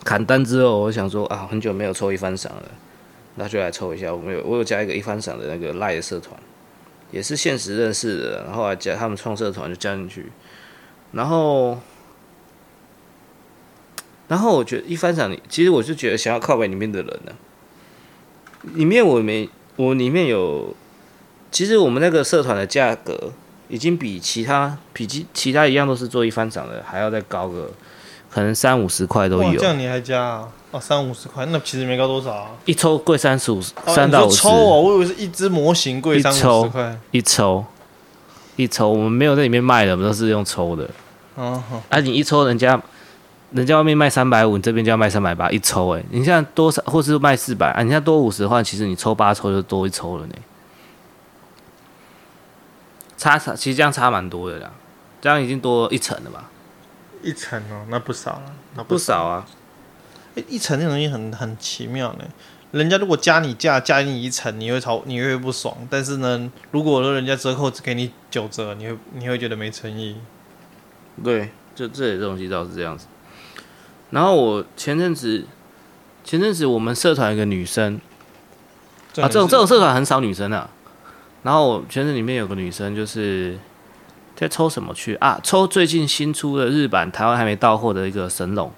砍單之後，我想說啊，很久沒有抽一番賞了，那就來抽一下。我們有我有加一個一番賞的那個賴社團，也是現實認識的，然後還加他們創社團就加進去。然後，然後我覺得一番賞，你其實我就覺得想要靠北裡面的人呢。裡面我沒我裡面有，其實我們那個社團的價格已經比其他比其其他一樣都是做一番賞的還要再高個。可能三五十塊都有。這樣你還加啊？哦，三五十塊，那其實沒高多少啊。一抽貴三十五，三到五十。抽哦，我以為是一支模型貴三十塊。一抽，一抽，一抽，我們沒有在裡面賣的，我們都是用抽的。哦，哦，啊，你一抽人家，人家外面賣三百五，你這邊就要賣三百八，一抽誒，你像多少，或是賣四百啊？你像多五十的話，其實你抽八抽就多一抽了呢。差差，其實這樣差蠻多的啦，這樣已經多一層了吧。一成哦，那不少了，那不少，不少啊！誒，一成那東西很很奇妙呢。人家如果加你價，加你一成，你會超，你會不爽。但是呢，如果人家折扣只給你九折，你會你會覺得沒誠意。對，就這種東西倒是這樣子。然後我前陣子，前陣子我們社團有個女生，啊，這種這種社團很少女生的，啊。然後我圈子裡面有個女生，就是。在抽什麼去啊？抽最近新出的日版，台灣還沒到貨的一個神龍，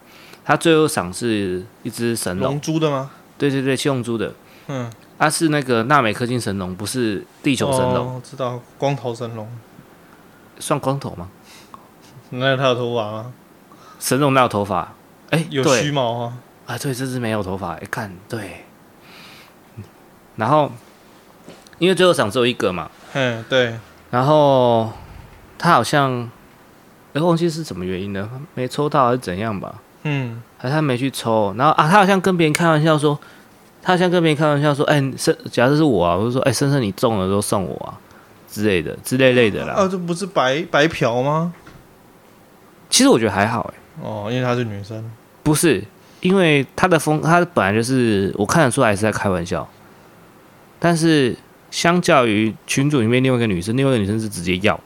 它最後賞是一隻神龍，龍珠的嗎？對對對，七龍珠的，嗯，它、啊、是那個納美克星神龍，不是地球神龍、哦。知道，光頭神龍算光頭嗎？那他它有頭髮嗎？神龍哪有頭髮？哎、欸，有鬚毛啊！啊，對，這隻沒有頭髮，一、欸、看對。然後，因為最後賞只有一個嘛，嗯，對，然後。他好像，哎、呃，忘記是什麼原因呢？沒抽到還是怎樣吧？嗯，還是他沒去抽。然後啊，他好像跟別人開玩笑說，他好像跟別人開玩笑說，哎、欸，生，假設是我啊，我就說，哎、欸，生生你中了都送我啊之類的，之類類的啦。啊，這不是白白嫖嗎？其實我覺得還好、欸，哎。哦，因為她是女生。不是，因為她的風，她本來就是我看得出來是在開玩笑。但是，相較於群組裡面另外一個女生，另外一個女生是直接要。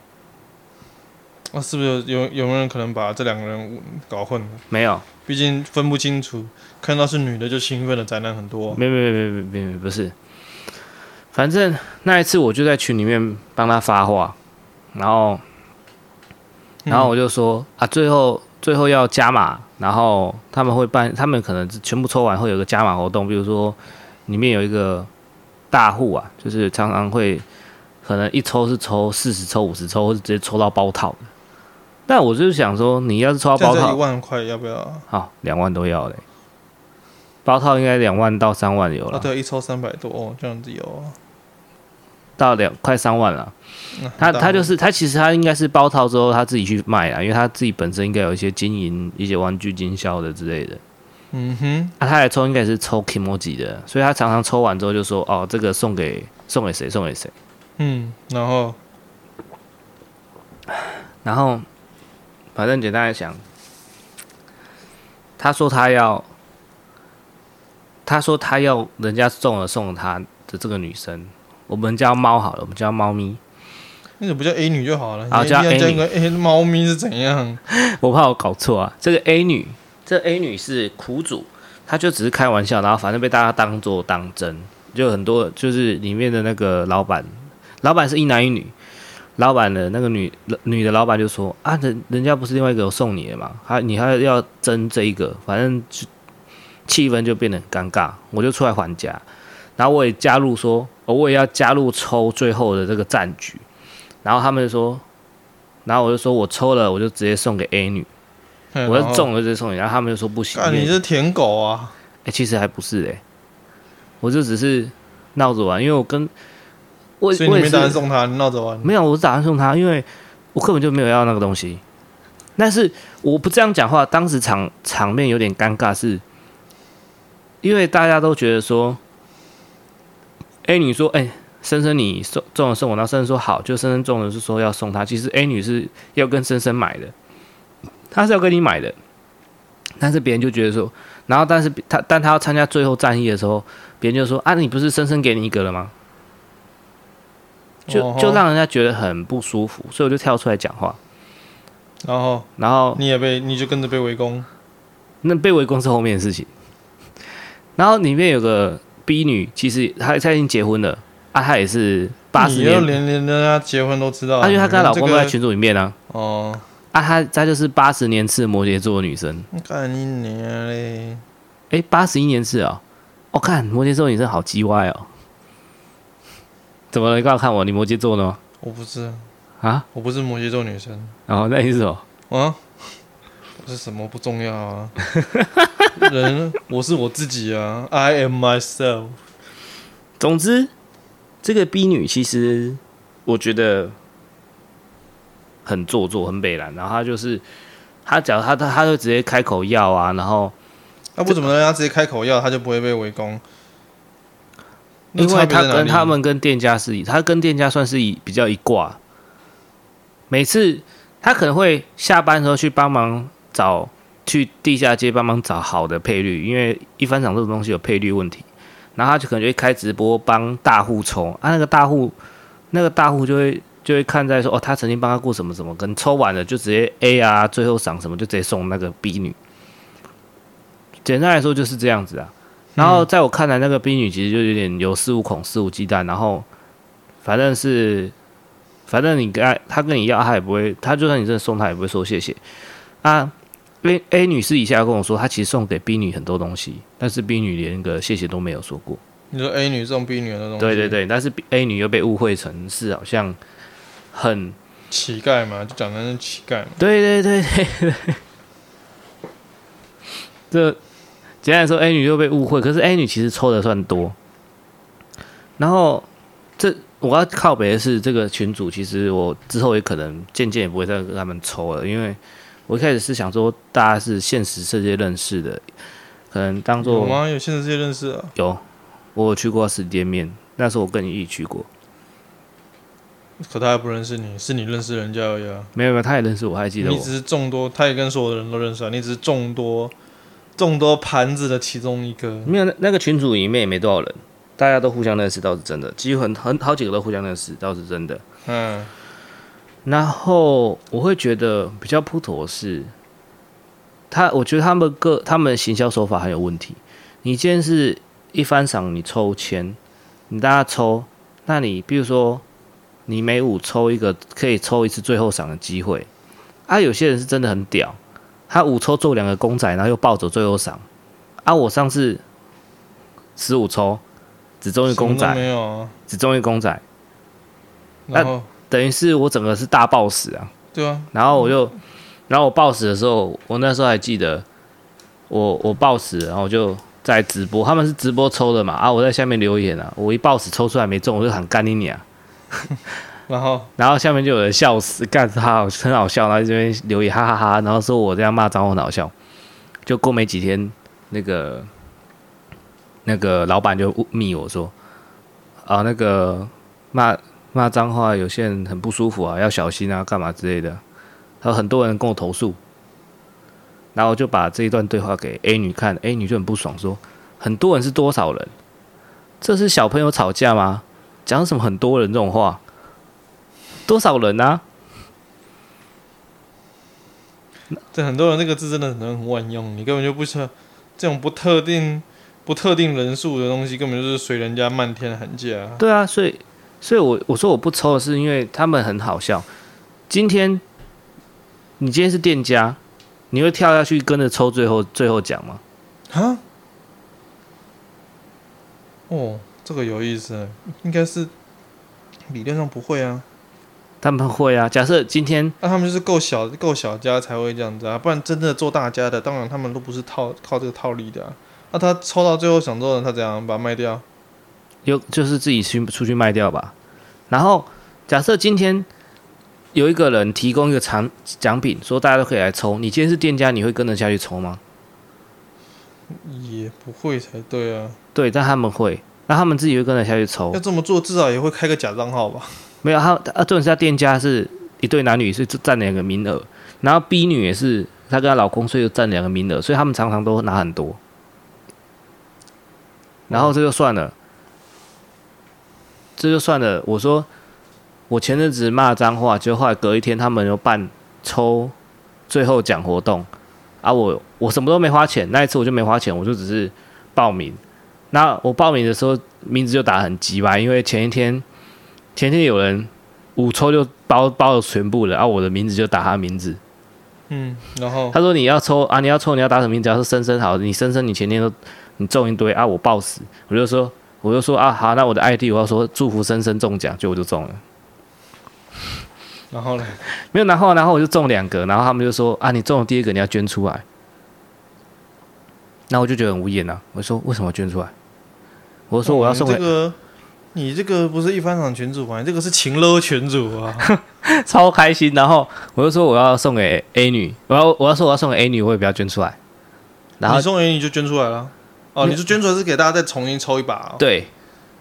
那、啊、是不是，有，有沒有人可能把這兩個人搞混了沒有？畢竟分不清楚，看到是女的就興奮的宅男很多。啊沒沒沒，沒有沒有沒有沒有沒有，不是，反正那一次我就在群裡面幫他發話，然後然後我就說、嗯、啊，最後最後要加碼，然後他們會辦，他們可能全部抽完會有個加碼活動，比如說裡面有一個大戶啊，就是常常會可能一抽是抽四十抽五十抽，或者直接抽到包套的。但我就是想說，你要是抽到包套，一萬塊要不要？好、啊，兩萬都要嘞。包套應該兩萬到三萬有了。啊、對，一抽三百多，這樣子有、啊。到兩快三萬啦、啊、了。他他就是他，其實他應該是包套之後他自己去賣啊，因為他自己本身應該有一些經營、一些玩具經銷的之類的。嗯哼，那、啊、他來抽應該也是抽 Kimoji 的，所以他常常抽完之後就說：“哦，這個送給送給誰？送給誰？”給嗯，然後，然後。反正簡單來講，他說他要，他說他要人家送了送了他的這個女生，我們叫貓好了，我們叫貓咪，那怎麼不叫 A 女就好了？然後、啊、叫 A 女，貓、啊、咪是怎樣？我怕我搞錯啊。這個 A 女，這個、A 女是苦主，她就只是開玩笑，然後反正被大家當作當真，就很多就是裡面的那個老闆，老闆是一男一女。老闆的那個女女的老闆就說啊，人人家不是另外一個我送你的嘛？還你還要要爭這一個，反正就氣氛就變得很尷尬。我就出來還價，然後我也加入說，我也要加入抽最後的這個戰局。然後他們就說，然後我就說我抽了，我就直接送給 A 女，我中就中了，直接送你。然後他們就說不行，你是舔狗啊！誒、欸，其實還不是哎、欸，我就只是鬧着玩，因為我跟。我也所以你沒打算送他，你鬧着玩？沒有，我是打算送他，因為我根本就沒有要那個東西。但是我不這樣講話，當時場場面有點尷尬是，是因為大家都覺得說：“ A 女說，哎、欸，生生你送中了送我，然後生生說好，就生生中了，是說要送他，其實 A 女是要跟生生買的，他是要跟你買的。但是別人就覺得說，然後但，但是他但他要參加最後戰役的時候，別人就說：啊，你不是生生給你一個了嗎？”就就讓人家覺得很不舒服，所以我就跳出來講話。然後，然後你也被你就跟着被圍攻，那被圍攻是後面的事情。然後裡面有個逼女，其實她她已經結婚了啊，她也是八十年，又連人家結婚都知道了。啊，因為她跟她老公、這個、都在群組裡面呢、啊。哦，啊，她她就是八十年次摩羯座的女生。看一年咧，八十一年次哦。我、哦、看摩羯座女生好嘰歪哦。怎麼你剛看我？你摩羯座的嗎？我不是啊，我不是摩羯座女生。然後、哦、那你是什麼？啊，我是什麼不重要啊。 人，我是我自己啊，I am myself。總之，這個 B 女其實我覺得很做作，很北爛。然後她就是，她只要她她她就直接開口要啊，然後那、啊、不這怎麼人她直接開口要，她就不會被圍攻。因為他跟他們跟店家是一，他跟店家算是以比較一掛。每次他可能會下班的時候去幫忙找去地下街幫忙找好的配率，因為一番賞這種東西有配率問題。然後他就可能就會開直播幫大戶抽，啊，那個大戶那個大戶就，就會就會看在說哦，他曾經幫他過什麼什麼，跟抽完了就直接 A 啊，最後賞什麼就直接送那個 B 女。簡單來說就是這樣子啊。然後在我看來，那個 B 女其實就有點有恃無恐、肆無忌憚。然後，反正是，反正你跟她跟你要，她也不會，她就算你真的送她，也不會說謝謝。啊，因為 A 女士以下跟我說，她其實送給 B 女很多東西，但是 B 女連個謝謝都沒有說過。你說 A 女送 B 女的東西，對對對，但是 A 女又被誤會成是好像很乞丐嘛，就講的是乞丐。對，對對對對。 這。接下來說，A 女又被誤會，可是 A 女、欸、其實抽的算多。然後這我要靠北的是這個群主，其實我之後也可能漸漸也不會再跟他們抽了，因為我一開始是想說大家是現實世界認識的，可能當做有嗎？有現實世界認識啊？有，我有去過實體店面，那時候我跟你一起去過。可他還不認識你，是你認識人家而已啊。沒有沒有，他也認識我，還記得我。你只是眾多，他也跟所有的人都認識啊。你只是眾多。眾多盤子的其中一個，沒有，那那個群組裡面也沒多少人，大家都互相認識倒是真的，幾乎很很好幾個都互相認識倒是真的。嗯，然後我會覺得比較不妥是，他我覺得他們各他們行銷手法很有問題。你既然是一番賞，你抽籤，你大家抽，那你比如說你每五抽一個可以抽一次最後賞的機會，啊，有些人是真的很屌。他五抽中兩個公仔，然後又抱走，最後賞。啊，我上次十五抽只中一公仔，沒有、啊、只中一公仔。那後、啊、等於是我整個是大暴死啊。對啊。然後我就，然後我暴死的時候，我那時候還記得，我我暴死了，然後我就在直播，他們是直播抽的嘛，啊，我在下面留言啊，我一暴死抽出來沒中，我就喊幹你娘啊。 然後，然後下面就有人笑死，幹他，很好笑，然後這邊留言哈哈哈哈，然後說我這樣罵髒話很好笑，就過沒幾天，那個那個老闆就密我說，啊，那個罵罵髒話有些人很不舒服啊，要小心啊，幹嘛之類的，還有很多人跟我投訴，然後我就把這一段對話給 A 女看，A 女就很不爽說，說很多人是多少人？這是小朋友吵架嗎？講什麼很多人這種話？多少人啊？這很多人，那個字真的可能很萬用，你根本就不知道這種不特定、不特定人數的東西，根本就是隨人家漫天喊價啊！對啊，所以，所以我，我我說我不抽的是因為他們很好笑。今天，你今天是店家，你會跳下去跟着抽最後、最後獎嗎？啊？哦，這個有意思，應該是理論上不會啊。他們會啊，假設今天，那、啊、他們就是夠小夠小家才會這樣子啊，不然真的做大家的，當然他們都不是套靠這個套利的啊。那、啊、他抽到最後想做的，他怎樣把它賣掉？有就是自己去出去賣掉吧。然後假設今天有一個人提供一個獎獎品，說大家都可以來抽，你今天是店家，你會跟着下去抽嗎？也不會才對啊。對，但他們會，那他們自己會跟着下去抽。要這麼做，至少也會開個假賬號吧。沒有他，啊，這種是他店家是一對男女，是佔兩個名額，然後 B 女也是她跟她老公，所以就佔兩個名額，所以他們常常都拿很多。然後這就算了，嗯、這就算了。我說，我前陣子罵了髒話，就後來隔一天他們又辦抽最後獎活動，啊我，我我什麼都沒花錢，那一次我就沒花錢，我就只是報名。那我報名的時候名字就打很急吧，因為前一天。前天有人五抽就包包了全部了，然後我的名字就打他名字。嗯，然後他說，你要抽啊，你要抽，你要打什麼名字？只要說生生好，你生生你前天都你中一堆啊，我爆死，我就說我就說啊，好，那我的 ID 我要說祝福生生中獎，結果就中了。然後呢？沒有，然後然後我就中兩個，然後他們就說啊，你中了第一個，你要捐出來。那我就覺得很無言了，啊，我就說為什麼要捐出來？我說我要送回。嗯這個你這個不是一番賞群主嗎？啊，你這個是情勒群主啊，呵呵，超開心。然後我就說我要送給 A, A 女，我要我要說我要送給 A 女，我也不要捐出來。然後你送給 A 女就捐出來了。哦，你就捐出來是給大家再重新抽一把哦？我對，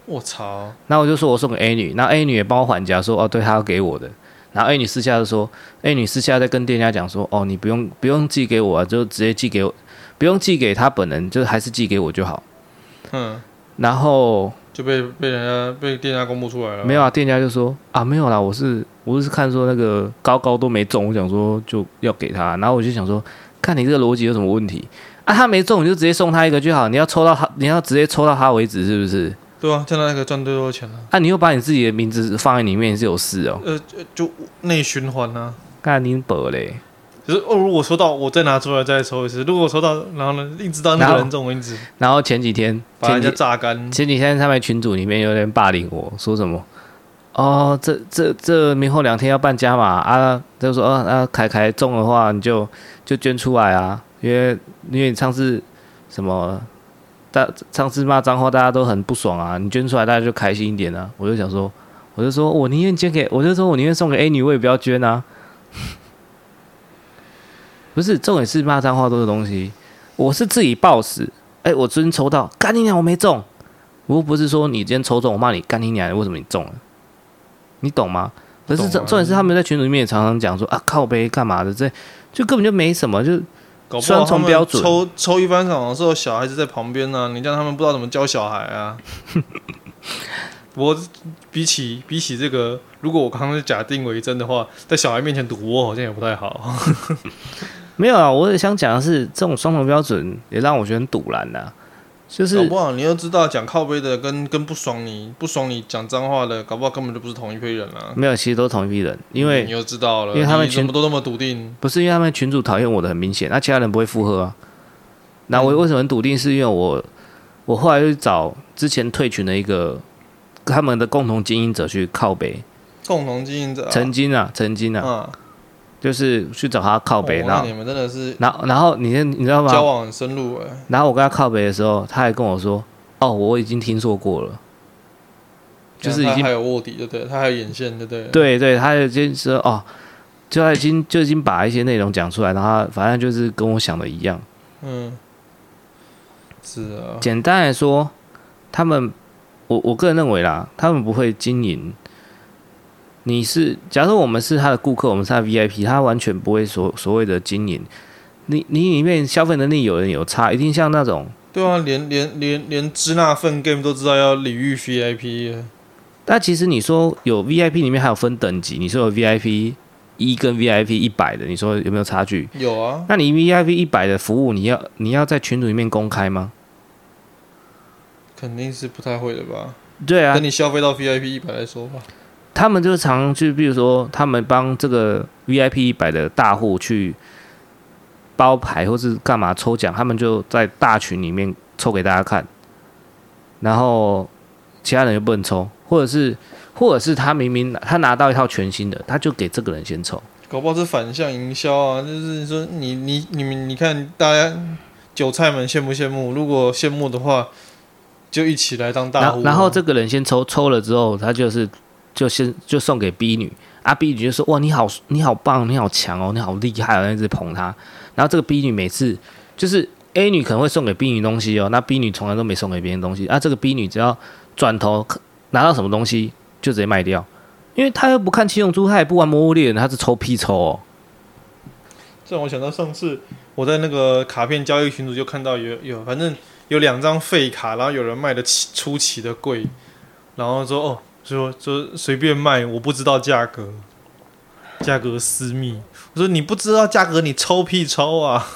我操。那我就說我送給 A 女，那 A 女也幫我緩頰說哦，對她要給我的。然後 A 女私下就說，A 女私下再跟店家講說，哦，你不用不用寄給我啊，就直接寄給我，不用寄給她本人，就還是寄給我就好。嗯，然後。就被被人家被店家公布出來了。沒有啊，店家就說啊，沒有啦，我是我是看說那個高高都沒中，我想說就要給他，然後我就想說，看你這個邏輯有什麼問題啊？他沒中，你就直接送他一個就好。你要抽到他，你要直接抽到他為止，是不是？對啊，現在那個賺最多錢了、啊。啊，你又把你自己的名字放在裡面是有事哦。呃，就內循環啊。幹你北咧。就是哦，如果收到，我再拿出來再抽一次。如果收到，然後呢，一直到那個人中為止。然後前幾天把人家榨乾。前幾天他們群組裡面有點霸凌我，說什麼哦，這這這明後兩天要搬家嘛。啊，就說哦，啊，凱、啊、凱中的話，你就就捐出來啊，因為因為你上次什麼大上次罵髒話，大家都很不爽啊，你捐出來大家就開心一點呢、啊。我就想說，我就說我寧願捐給，我就說我寧願送給 A 女，我也不要捐啊。不是重點是罵髒話多的東西，我是自己爆死。哎、欸，我昨天抽到幹你娘，我沒中。不過不是說你今天抽中我，我罵你幹你娘，為什麼你中了？你懂嗎？可是、啊、重點是他們在群組裡面也常常講說啊靠杯幹嘛的，這就根本就沒什麼，就雙重標準，抽抽一番賞的時候，小孩子在旁邊呢、啊，你叫他們不知道怎麼教小孩啊。我 比起比起這個，如果我剛剛是假定為真的話，在小孩面前賭我好像也不太好。 沒有啊，我也想講的是，這種雙重標準也讓我覺得很賭爛的、啊。就是搞不好，你又知道講靠北的跟跟不爽你不爽你講髒話的，搞不好根本就不是同一批人啊。沒有，其實都是同一批人，因為、嗯、你又知道了，因為他們全部都那麼篤定，不是因為他們群主討厭我的很明顯，那其他人不會附和啊。那我為什麼篤定？是因為我、嗯、我後來去找之前退群的一個他們的共同經營者去靠北，共同經營者曾經啊，曾經啊。啊就是去找他靠北、哦、那，你們真的是、欸，然後然後你你知道嗎？交往很深入哎。然後我跟他靠北的時候，他還跟我說：“哦，我已經聽說過了。他就了”就是已經還有臥底，對對，他還有眼線對，對對。對對，他有堅說哦，就已經就已經把一些內容講出來，然後他反正就是跟我想的一樣。嗯，是啊。簡單來說，他們，我我個人認為啦，他們不會經營。你是，假如說我們是他的顧客，我們是他的 V I P，他完全不會所所謂的經營。你你裡面消費能力有人有差，一定像那種。對啊，連連連連知那份 game 都知道要禮遇 V I P。但其實你說有 V I P 裡面還有分等級，你說有 V I P 一跟 V I P 一百的，你說有沒有差距？有啊。那你 V I P 一百的服務，你要你要在群組裡面公開嗎？肯定是不太會的吧。對啊。那你消費到 V I P 一百來說吧。他們就是常去，比如說他們幫這個 VIP 一百的大戶去包牌，或是幹嘛抽獎，他們就在大群裡面抽給大家看，然後其他人就不能抽，或者是，或者是他明明他拿到一套全新的，他就給這個人先抽，搞不好是反向營銷啊，就是說你你你們你看大家韭菜們羨不羨慕？如果羨慕的話，就一起來當大戶。然後這個人先抽抽了之後，他就是。就先就送給 B 女啊，B 女就說：“哇，你好，你好棒，你好強哦，你好厲害哦！”厲害哦，那一直捧她。然後這個 B 女每次就是 A 女可能會送給 B 女東西哦，那 B 女從來都沒送給別人東西啊。這個 B 女只要轉頭拿到什麼東西，就直接賣掉，因為她又不看七龍珠，她也不玩魔物獵人，她是抽屁抽哦。這讓我想到上次我在那個卡片交易群組就看到有有，反正有兩張廢卡，然後有人賣得出奇的貴，然後說：“哦。”說說隨便賣，我不知道價格，價格私密。我說你不知道價格，你抽屁抽啊！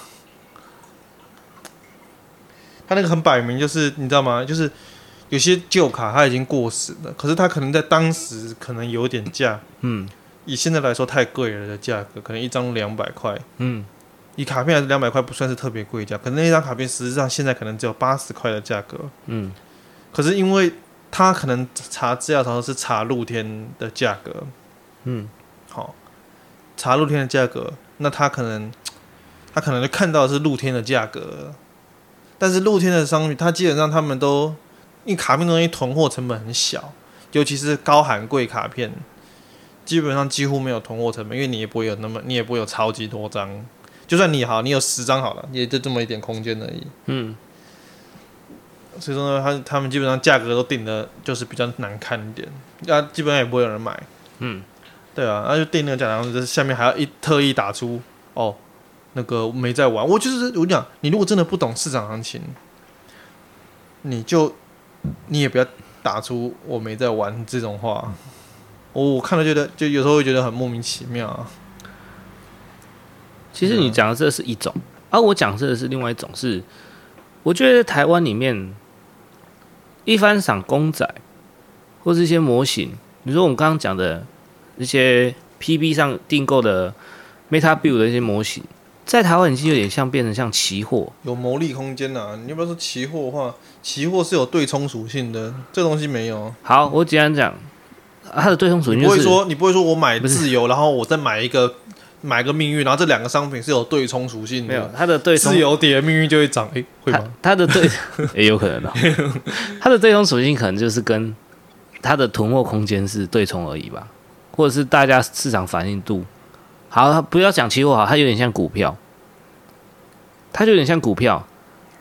他那個很擺明，就是你知道嗎？就是有些舊卡它已經過時了，可是他可能在當時可能有點價。嗯，以現在來說太貴了的價格，可能一張兩百塊。嗯，以卡片還是兩百塊不算是特別貴價，可是那張卡片實際上現在可能只有八十塊的價格。嗯，可是因為。他可能查資料的時候是查露天的價格，嗯，好，查露天的價格，那他可能，他可能就看到的是露天的價格，但是露天的商品，它基本上他們都，因為卡片東西囤貨成本很小，尤其是高含貴卡片，基本上幾乎沒有囤貨成本，因為你也不會有那麼，你也不會有超級多張，就算你好，你有十張好了，也就這麼一點空間而已，嗯。所以說呢，他他們基本上價格都定的，就是比較難看一點，那、啊、基本上也不會有人買。嗯，對啊，那、啊、就定那個價，然後就是下面還要一特意打出哦，那個沒在玩。我就是我跟你講，你如果真的不懂市場行情，你就你也不要打出我沒在玩這種話。我、哦、我看了覺得就有時候會覺得很莫名其妙、啊。其實你講的這是一種，而、嗯啊、我講這個是另外一種，是我覺得台灣裡面一番賞公仔，或是一些模型，比如說我們剛剛講的一些 P B 上訂購的 Meta Build 的一些模型，在台灣已經有點像變成像期貨，有牟利空間啊。你要不要說期貨的話？期貨是有對沖屬性的，這個、東西沒有。好，我簡單講，它的對沖屬性就是不會說，你不會說我買自由，是然後我再買一個。買個命運，然後這兩個商品是有對沖屬性的。沒有，它的對沖是有點命運就會漲。哎，會嗎它？它的對也 有可能的， 它的對沖屬性可能就是跟它的囤貨空間是對沖而已吧，或者是大家市場反應度好，不要講期貨，好，它有點像股票，它就有點像股票，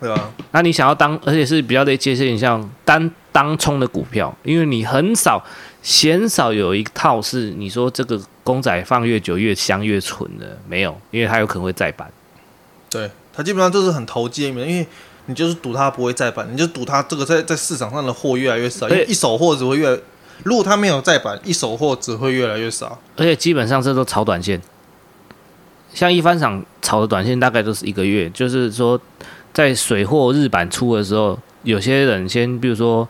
對吧啊。那你想要當，而且是比較得接近像單當沖的股票，因為你很少，鮮少有一套是你說這個。公仔放越久越香越純的。沒有，因為它有可能會再版。對，他基本上就是很投機的，因為你就是賭它不會再版，你就賭它這個在在市場上的貨越來越少，且因為一手貨只會越來……如果它沒有再版，一手貨只會越來越少。而且基本上這都炒短線，像一番賞炒的短線大概都是一個月，就是說在水貨日版出的時候，有些人先比如說。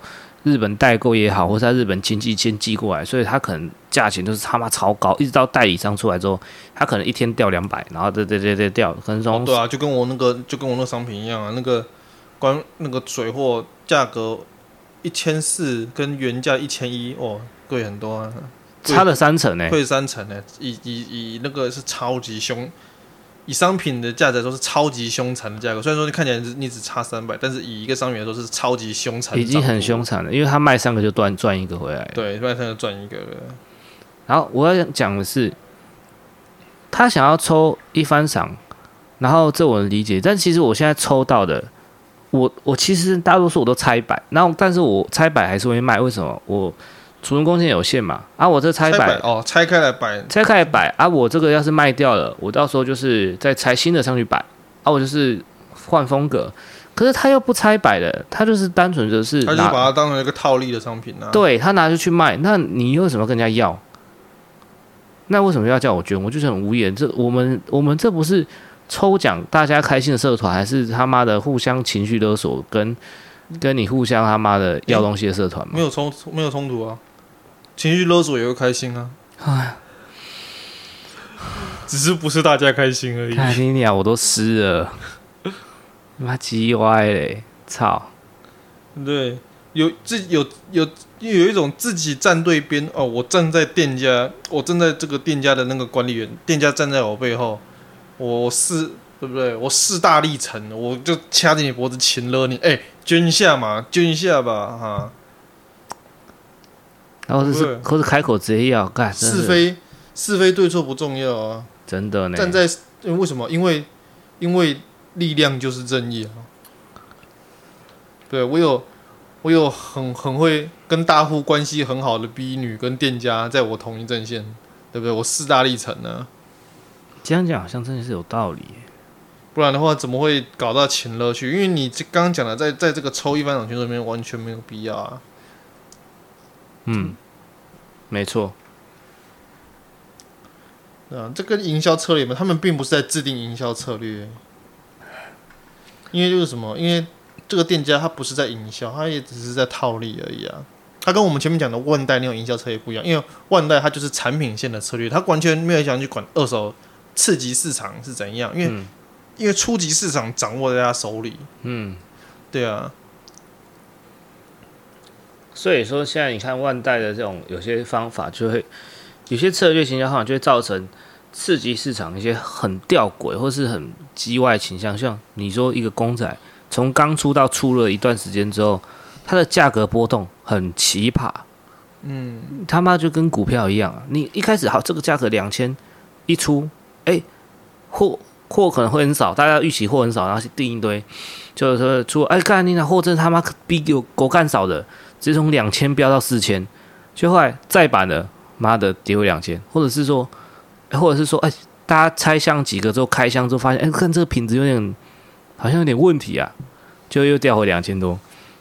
日本代購也好，或者在日本親戚先寄過來，所以他可能價錢都是他媽超高，一直到代理商出來之後，他可能一天掉兩百，然後對對對對掉很凶。哦，對啊，就跟我那個就跟我那個商品一樣啊，那個關那個水貨價格一千四，跟原價一千一哦，貴很多，啊，差了三成呢。欸，貴三成呢。欸，以以以那個是超級凶。以商品的價格都是超級兇殘的價格，雖然說你看起來是你只差三百，但是以一個商品來說是超級兇殘。已經很兇殘了，因為他賣三個就賺賺一個回來。對，賣三個賺一個。然後我要講的是，他想要抽一番賞，然後這我能理解。但其實我現在抽到的，我我其實大多數我都拆百，然後但是我拆百還是會賣，為什麼我儲存空間有限嘛。啊，我這拆擺哦，拆開來擺，拆開來擺啊！我這個要是賣掉了，我到時候就是再拆新的上去擺啊，我就是換風格。可是他又不拆擺的，他就是單純的是他就是把它當成一個套利的商品呢、啊，對他拿出去賣，那你又有什麼跟人家要？那為什麼要叫我捐？我就是很無言。這我們我們這不是抽獎大家開心的社團，還是他媽的互相情緒勒索，跟跟你互相他媽的要東西的社團嗎、欸？沒有衝，沒有衝突啊。情緒勒索也會開心啊！哎，只是不是大家開心而已。開心你啊，我都濕了，媽雞歪嘞，操！對，有自有有有一種自己站對邊哦，我站在店家，我站在這個店家的那個管理員，店家站在我背後，我勢對不對？我勢大力沉，我就掐着你脖子，錢勒你，哎、欸，捐下嘛，捐下吧，哈。然後是，對或是開口直接要，幹是，是非是非對錯不重要啊，真的呢。站在為什麼？因為因為力量就是正義啊。對，我有我有很很會跟大戶關係很好的逼女跟店家，在我同一陣線，對不對？我勢大力沉呢。這樣講好像真的是有道理，不然的話怎麼會搞到錢樂趣？因為你剛剛講的在，在在這個抽一番賞圈這邊完全沒有必要啊。嗯，沒錯。嗯、啊，這個營銷策略嘛，他們並不是在制定營銷策略，因為就是什麼？因為這個店家他不是在營銷，他也只是在套利而已啊。他跟我們前面講的萬代那種營銷策略不一樣，因為萬代它就是產品線的策略，他完全沒有想去管二手次級市場是怎樣，因為、嗯、因為初級市場掌握在他手裡。嗯，對啊。所以說，現在你看萬代的這種有些方法，就會有些策略型的話，就會造成刺激市場一些很吊詭或是很機歪的傾向。像你說一個公仔從剛出到出了一段時間之後，它的價格波動很奇葩，嗯，他媽就跟股票一樣啊，你一開始好，這個價格兩千，一出，哎，貨貨可能會很少，大家預期貨很少，然後去訂一堆，就是說出，哎，幹你那、啊、貨真的他媽逼給我幹少的。直接從兩千飆到四千，就後來再版了，媽的跌回兩千，或者是說，或者是說，哎，大家拆箱幾個之後開箱之後發現，哎，看這個品質有點，好像有點問題啊，就又掉回兩千多，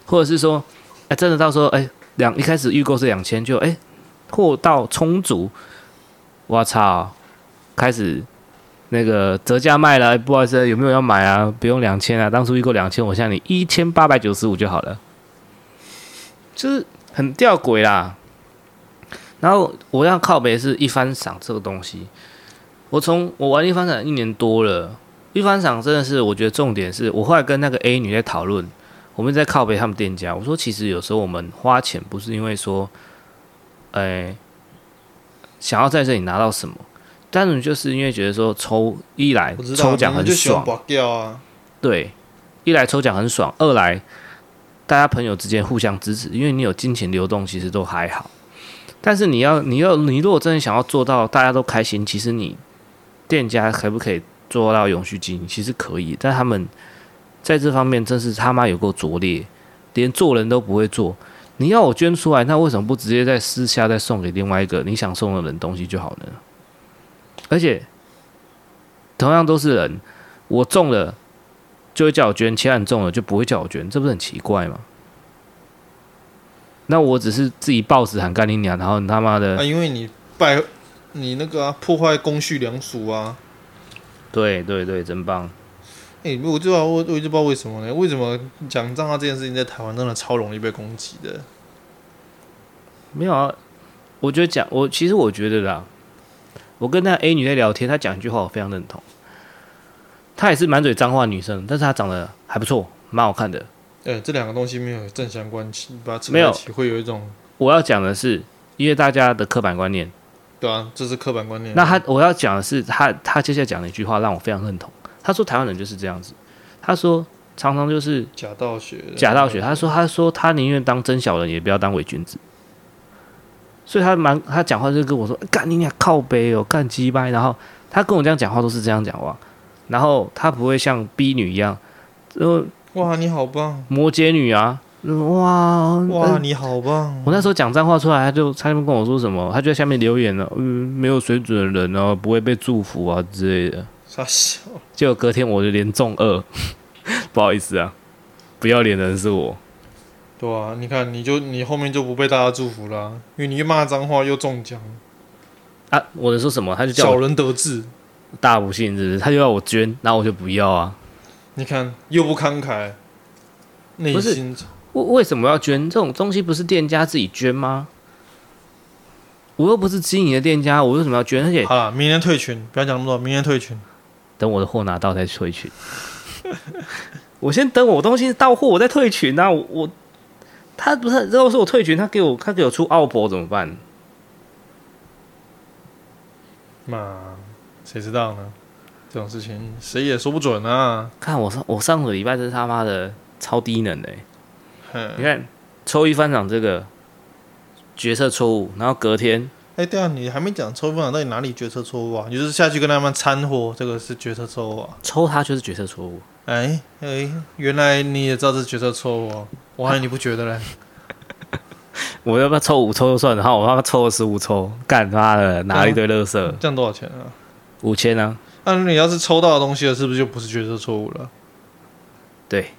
或者是說，哎，真的到時候，哎，兩一開始預購是兩千，就哎貨到充足，我操，開始那個折價賣了，不好意思，有沒有要買啊？不用兩千啊，當初預購兩千，我向你一千八百九十五就好了。就是很弔詭啦，然後我要靠北是一番賞這個東西，我從我玩一番賞一年多了，一番賞真的是我覺得重點是，我後來跟那個 A 女在討論，我們在靠北他們店家，我說其實有時候我們花錢不是因為說、欸，想要在這裡拿到什麼，單純就是因為覺得說抽一來抽獎很爽，對，一來抽獎很爽，二來。大家朋友之間互相支持，因為你有金錢流動，其實都還好。但是你要，你要，你如果真的想要做到大家都開心，其實你店家可不可以做到永續經營？其實可以，但他們在這方面真是他媽有夠拙劣，連做人都不會做。你要我捐出來，那為什麼不直接在私下再送給另外一個你想送的人東西就好了？而且，同樣都是人，我中了。就會叫我捐，錢，很重的就不會叫我捐，這不是很奇怪嗎？那我只是自己抱死很幹你娘，然後你他媽的……啊，因為你敗你那個、啊、破壞公序良俗啊！對對對，真棒！哎、欸，我就不知道為，我一直不知道為什麼呢？為什麼講髒話這件事情在台灣真的超容易被攻擊的？沒有啊，我覺得講我其實我覺得啦，我跟那 A 女在聊天，她講一句話我非常認同。他也是滿嘴髒話的女生，但是他長得還不錯，蠻好看的。呃、欸，這兩個東西沒有正相關性，沒有會有一種。我要講的是，因為大家的刻板觀念。對啊，這是刻板觀念。那她，我要講的是，他她，她接下來講的一句話讓我非常認同。他說台灣人就是這樣子。他說常常就是假道學。假道學。道學，他說，他說她寧願當真小人，也不要當偽君子。所以他蠻她講話就跟我說幹、欸、你倆靠北哦、喔，幹雞掰。然後他跟我這樣講話都是這樣講話。然後她不會像逼女一樣，呃，哇，你好棒！摩羯女啊，哇哇，呃、你好棒！我那時候講髒話出來，他就他就跟我說什麼，他就在下面留言了、啊，嗯，沒有水準的人呢、啊，不會被祝福啊之類的。笑死！結果隔天我就連中二，呵呵不好意思啊，不要臉的人是我。對啊，你看，你就你後面就不被大家祝福了、啊，因為你越罵髒話又中獎。啊，我能說什麼？他就叫小人得志。大不幸，是不是？他就要我捐，然後我就不要啊。你看，又不慷慨，內心……為為什麼要捐？這種東西不是店家自己捐嗎？我又不是經營的店家，我為什麼要捐？而且，好啦，明天退群，不要講那麼多，明天退群。等我的貨拿到再退群。 我先等我，我東西到貨，我再退群吶、啊。我他不是，如果說我退群，他給我，他給我出奧博怎麼辦？媽。誰知道呢？這種事情誰也說不準啊！看我上我上個禮拜，是他媽的超低能哼、欸，嗯、你看抽一番賞這個決策錯誤，然後隔天哎、欸、對啊，你還沒講抽一番賞到底哪裡決策錯誤啊？你就是下去跟他們摻和，這個是決策錯誤啊！抽他就是決策錯誤哎哎，原來你也知道這是決策錯誤，啊。我還以為你不覺得嘞？呵 我要不要抽五抽就算了，然後我他抽了十五抽，幹他媽的拿一堆垃圾，掙、啊、多少錢啊？五千呢、啊啊？那你要是抽到的東西了，是不是就不是決策錯誤了？對，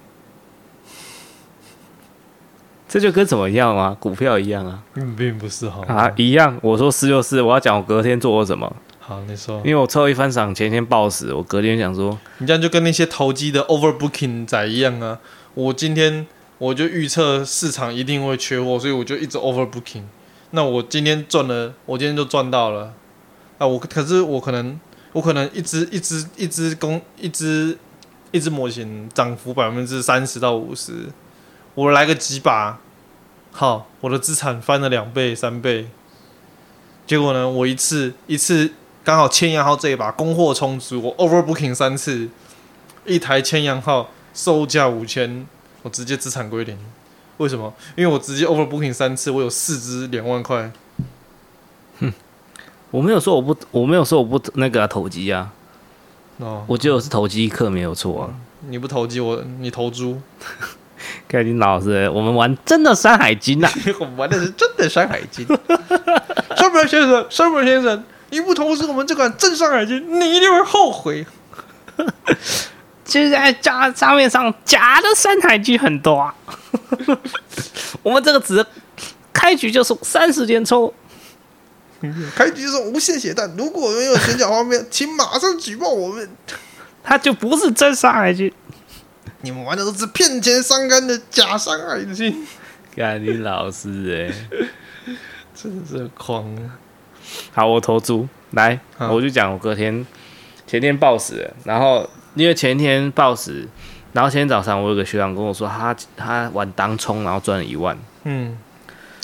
這就跟怎麼樣啊？股票一樣啊？嗯，並不是好啊，一樣。我說是就是，我要講我隔天做了什麼。好，你說。因為我抽一番賞前天爆死，我隔天想說，你這樣就跟那些投機的 overbooking 仔一樣啊！我今天我就預測市場一定會缺貨，所以我就一直 overbooking。那我今天賺了，我今天就賺到了。啊，我可是我可能。我可能一隻一隻一隻公一隻一隻模型漲幅百分之三十到五十，我來個幾把，好，我的資產翻了兩倍三倍，結果呢，我一次一次剛好千陽號這一把供貨充足，我 overbooking 三次，一台千陽號售價五千，我直接資產歸零，為什麼？因為我直接 overbooking 三次，我有四隻兩萬塊。我沒有說我不，我沒有說我不那個投機啊。哦，oh, 我覺得我是投機客沒有錯啊。你不投機，我你投豬。開 你老師，我們玩真的、啊《山海經》吶，我們玩的是真的《山海經》。山本先生，山本先生，你不投資我們這款真《山海經》，你一定會後悔。現 在家市面上假的《山海經》很多，啊， 我們這個只開局就是三十連抽。開局就是無限血彈，如果沒有玄甲方面， 請馬上舉報我們，他就不是真山海經， 你們玩的都是騙錢傷肝的假山海經， 幹你老師哎、欸， 真是狂！啊。好，我投豬來，啊、我就講我隔天前天暴死了，然後因為前天暴死，然後前天早上我有個學長跟我說他，他他玩當沖，然後賺了一萬，嗯。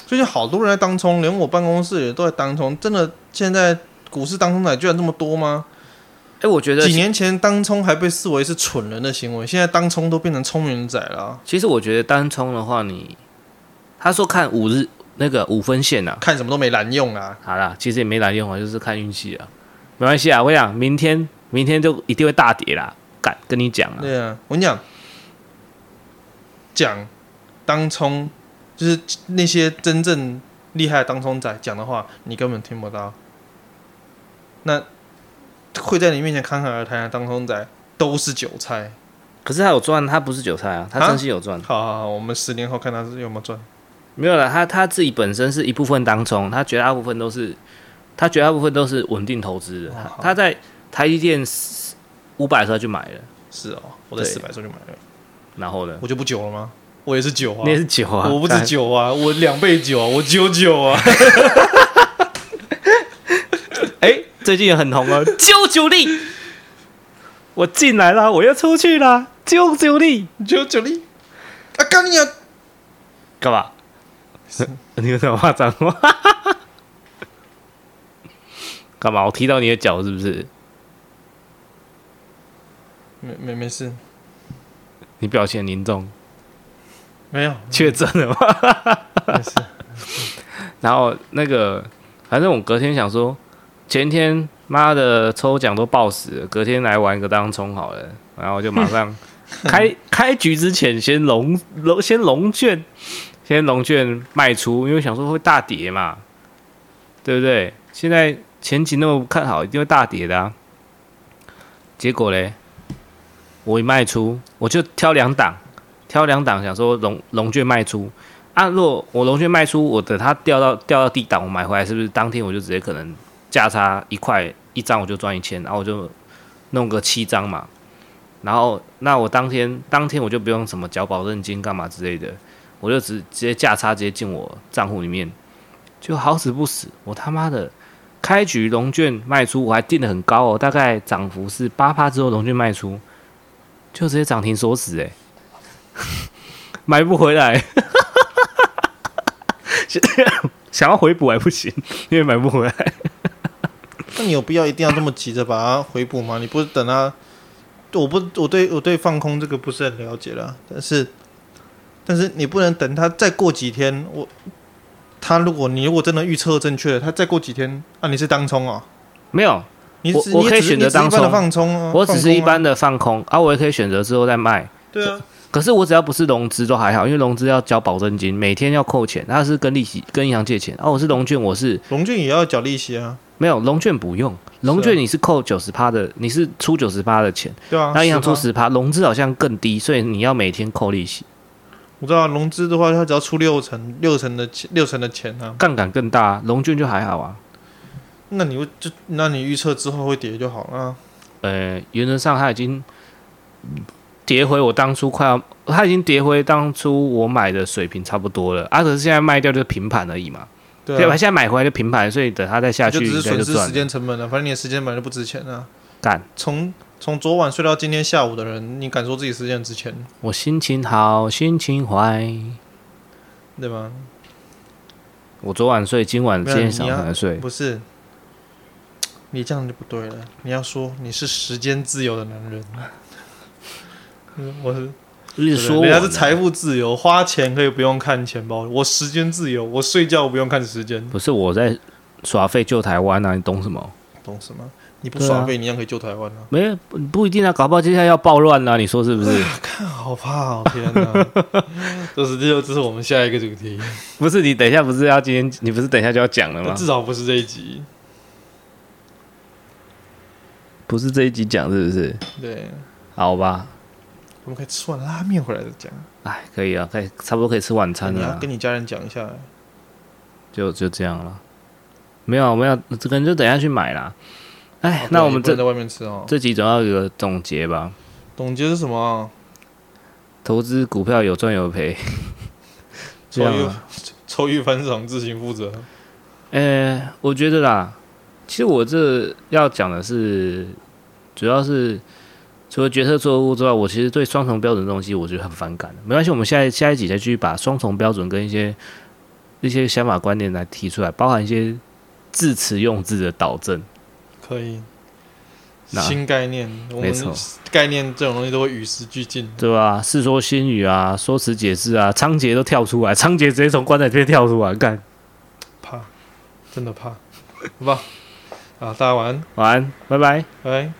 最近好多人在當沖，連我辦公室也都在當沖。真的，現在股市當沖的居然這麼多嗎？哎、欸，我覺得幾年前當沖還被視為是蠢人的行為，現在當沖都變成聰明人仔了、啊。其實我覺得當沖的話你，你他說看五日那個五分線啊，看什麼都沒卵用啊。好啦，其實也沒卵用啊，就是看運氣啊。沒關係啊，我跟你講，明天，明天就一定會大跌啦。敢跟你講啊？對啊，我跟你講，講當沖。就是那些真正厲害的當沖仔講的話，你根本聽不到。那會在你面前侃侃而談的當沖仔都是韭菜，可是他有賺，他不是韭菜啊，他真心有賺、啊。好好好，我們十年後看他是有沒有賺，沒有了。他他自己本身是一部分當沖，他絕大部分都是，他絕大部分都是穩定投資的。哦、他在台積電四五百的時候就買了，是哦，我在四百的時候就買了，然後呢，我就不韭了嗎？我也是九啊，你也是九啊，啊，才啊，我不是九啊，我兩倍九啊，我九九啊。哎，最近也很紅啊，九九力，我進來啦，我要出去啦，九九力，九九力。啊，剛你啊，幹嘛事？你有什麼話講嗎？ 幹嘛？我踢到你的腳是不是？沒沒沒事。你表情很凝重。沒有確診了嗎？是。 然後那個，反正我隔天想說，前天媽的抽獎都爆死了，隔天來玩一個當沖好了。然後我就馬上開 開局之前先龍龍先龍券先龍券賣出，因為想說會大跌嘛，對不對？現在前景那麼看好，一定會大跌的啊。結果嘞，我一賣出，我就挑兩檔。挑兩檔，想說融融券賣出啊。如果我融券賣出，我等它掉到掉到低檔，我買回來是不是當天我就直接可能價差一塊一張我就賺一千，然後我就弄個七張嘛。然後那我當天當天我就不用什麼交保證金幹嘛之類的，我就直直接價差直接進我賬戶裡面。就好死不死，我他媽的開局融券賣出我還定得很高哦，大概漲幅是八趴之後融券賣出就直接漲停鎖死，哎、欸。買不回來， 想要回補還不行，因為買不回來。那你有必要一定要這麼急着把它回補嗎？你不是等它，我不，我對我對放空這個不是很了解了。但是，但是你不能等它再過幾天。我，他如果你如果真的預測正確，他再過幾天啊，你是當衝哦？沒有，我你可以選擇當衝，放空啊，我只是，只是，是一般的放，啊放空啊，我也可以選擇之後再賣。對啊。可是我只要不是融資都還好，因為融資要交保證金，每天要扣錢。它是跟利息跟銀行借錢，而、哦、我是融券，我是融券也要繳利息啊。沒有融券不用，融券你是扣九十趴的，是啊、你是出九十趴的錢。對啊，那銀行出十趴，嗎融資好像更低，所以你要每天扣利息。我知道融資的話，它只要出六成，六成的錢，六成的錢啊，槓桿更大，融券就還好啊。那你會就那你預測之後會跌就好了、啊。呃，原則上它已經。嗯跌回我當初快要，他已經跌回當初我買的水平差不多了啊，可是現在賣掉就是平盤而已嘛，對吧、啊？現在買回來就平盤，所以等他再下去應該就賺了。只是損失時間成本了，反正你的時間本來就不值錢啊。敢從從昨晚睡到今天下午的人，你敢說自己時間值錢？我心情好，心情壞，對嗎？我昨晚睡，今晚有今天上午才睡？不是，你這樣就不對了。你要說你是時間自由的男人。我是，還是財富自由，花錢可以不用看錢包。我時間自由，我睡覺不用看時間。不是我在耍廢救台灣啊，你懂什麼？懂什麼？你不耍廢，啊、你一樣可以救台灣啊。沒不，不一定啊，搞不好接下來要暴亂啊。你說是不是？看、呃、好怕哦，好天哪、啊！這、 就是，際上這是我們下一個主題。 不是你等一下，不是要今天？你不是等一下就要講了嗎？至少不是這一集，不是這一集講，是不是？對，好吧。我們可以吃完拉麵回來再講、啊。哎，可以啊，可以差不多可以吃晚餐了。跟你，你家人講一下、欸。就就這樣了，沒有，我們要可能就等下去買了。哎、啊、那我們這在外面吃哦。這集總要有個總結吧？總結是什麼、啊？投資股票有賺有賠。 這樣嗎、啊？抽，益分成自行負責。哎、欸，我覺得啦，其實我這要講的是，主要是，除了決策錯誤之外，我其實對雙重標準的東西，我覺得很反感。沒關係，我們下一下一集再繼續把雙重標準跟一些一些想法觀念來提出來，包含一些字詞用字的導正。可以，新概念，那沒錯錯，概念這種東西都會與時俱進，對吧、啊？世說新語啊，說辭解釋啊，倉頡都跳出來，倉頡直接從棺材直接跳出來，幹怕，真的怕，好不好？啊，大家晚安，晚安，拜拜，拜拜。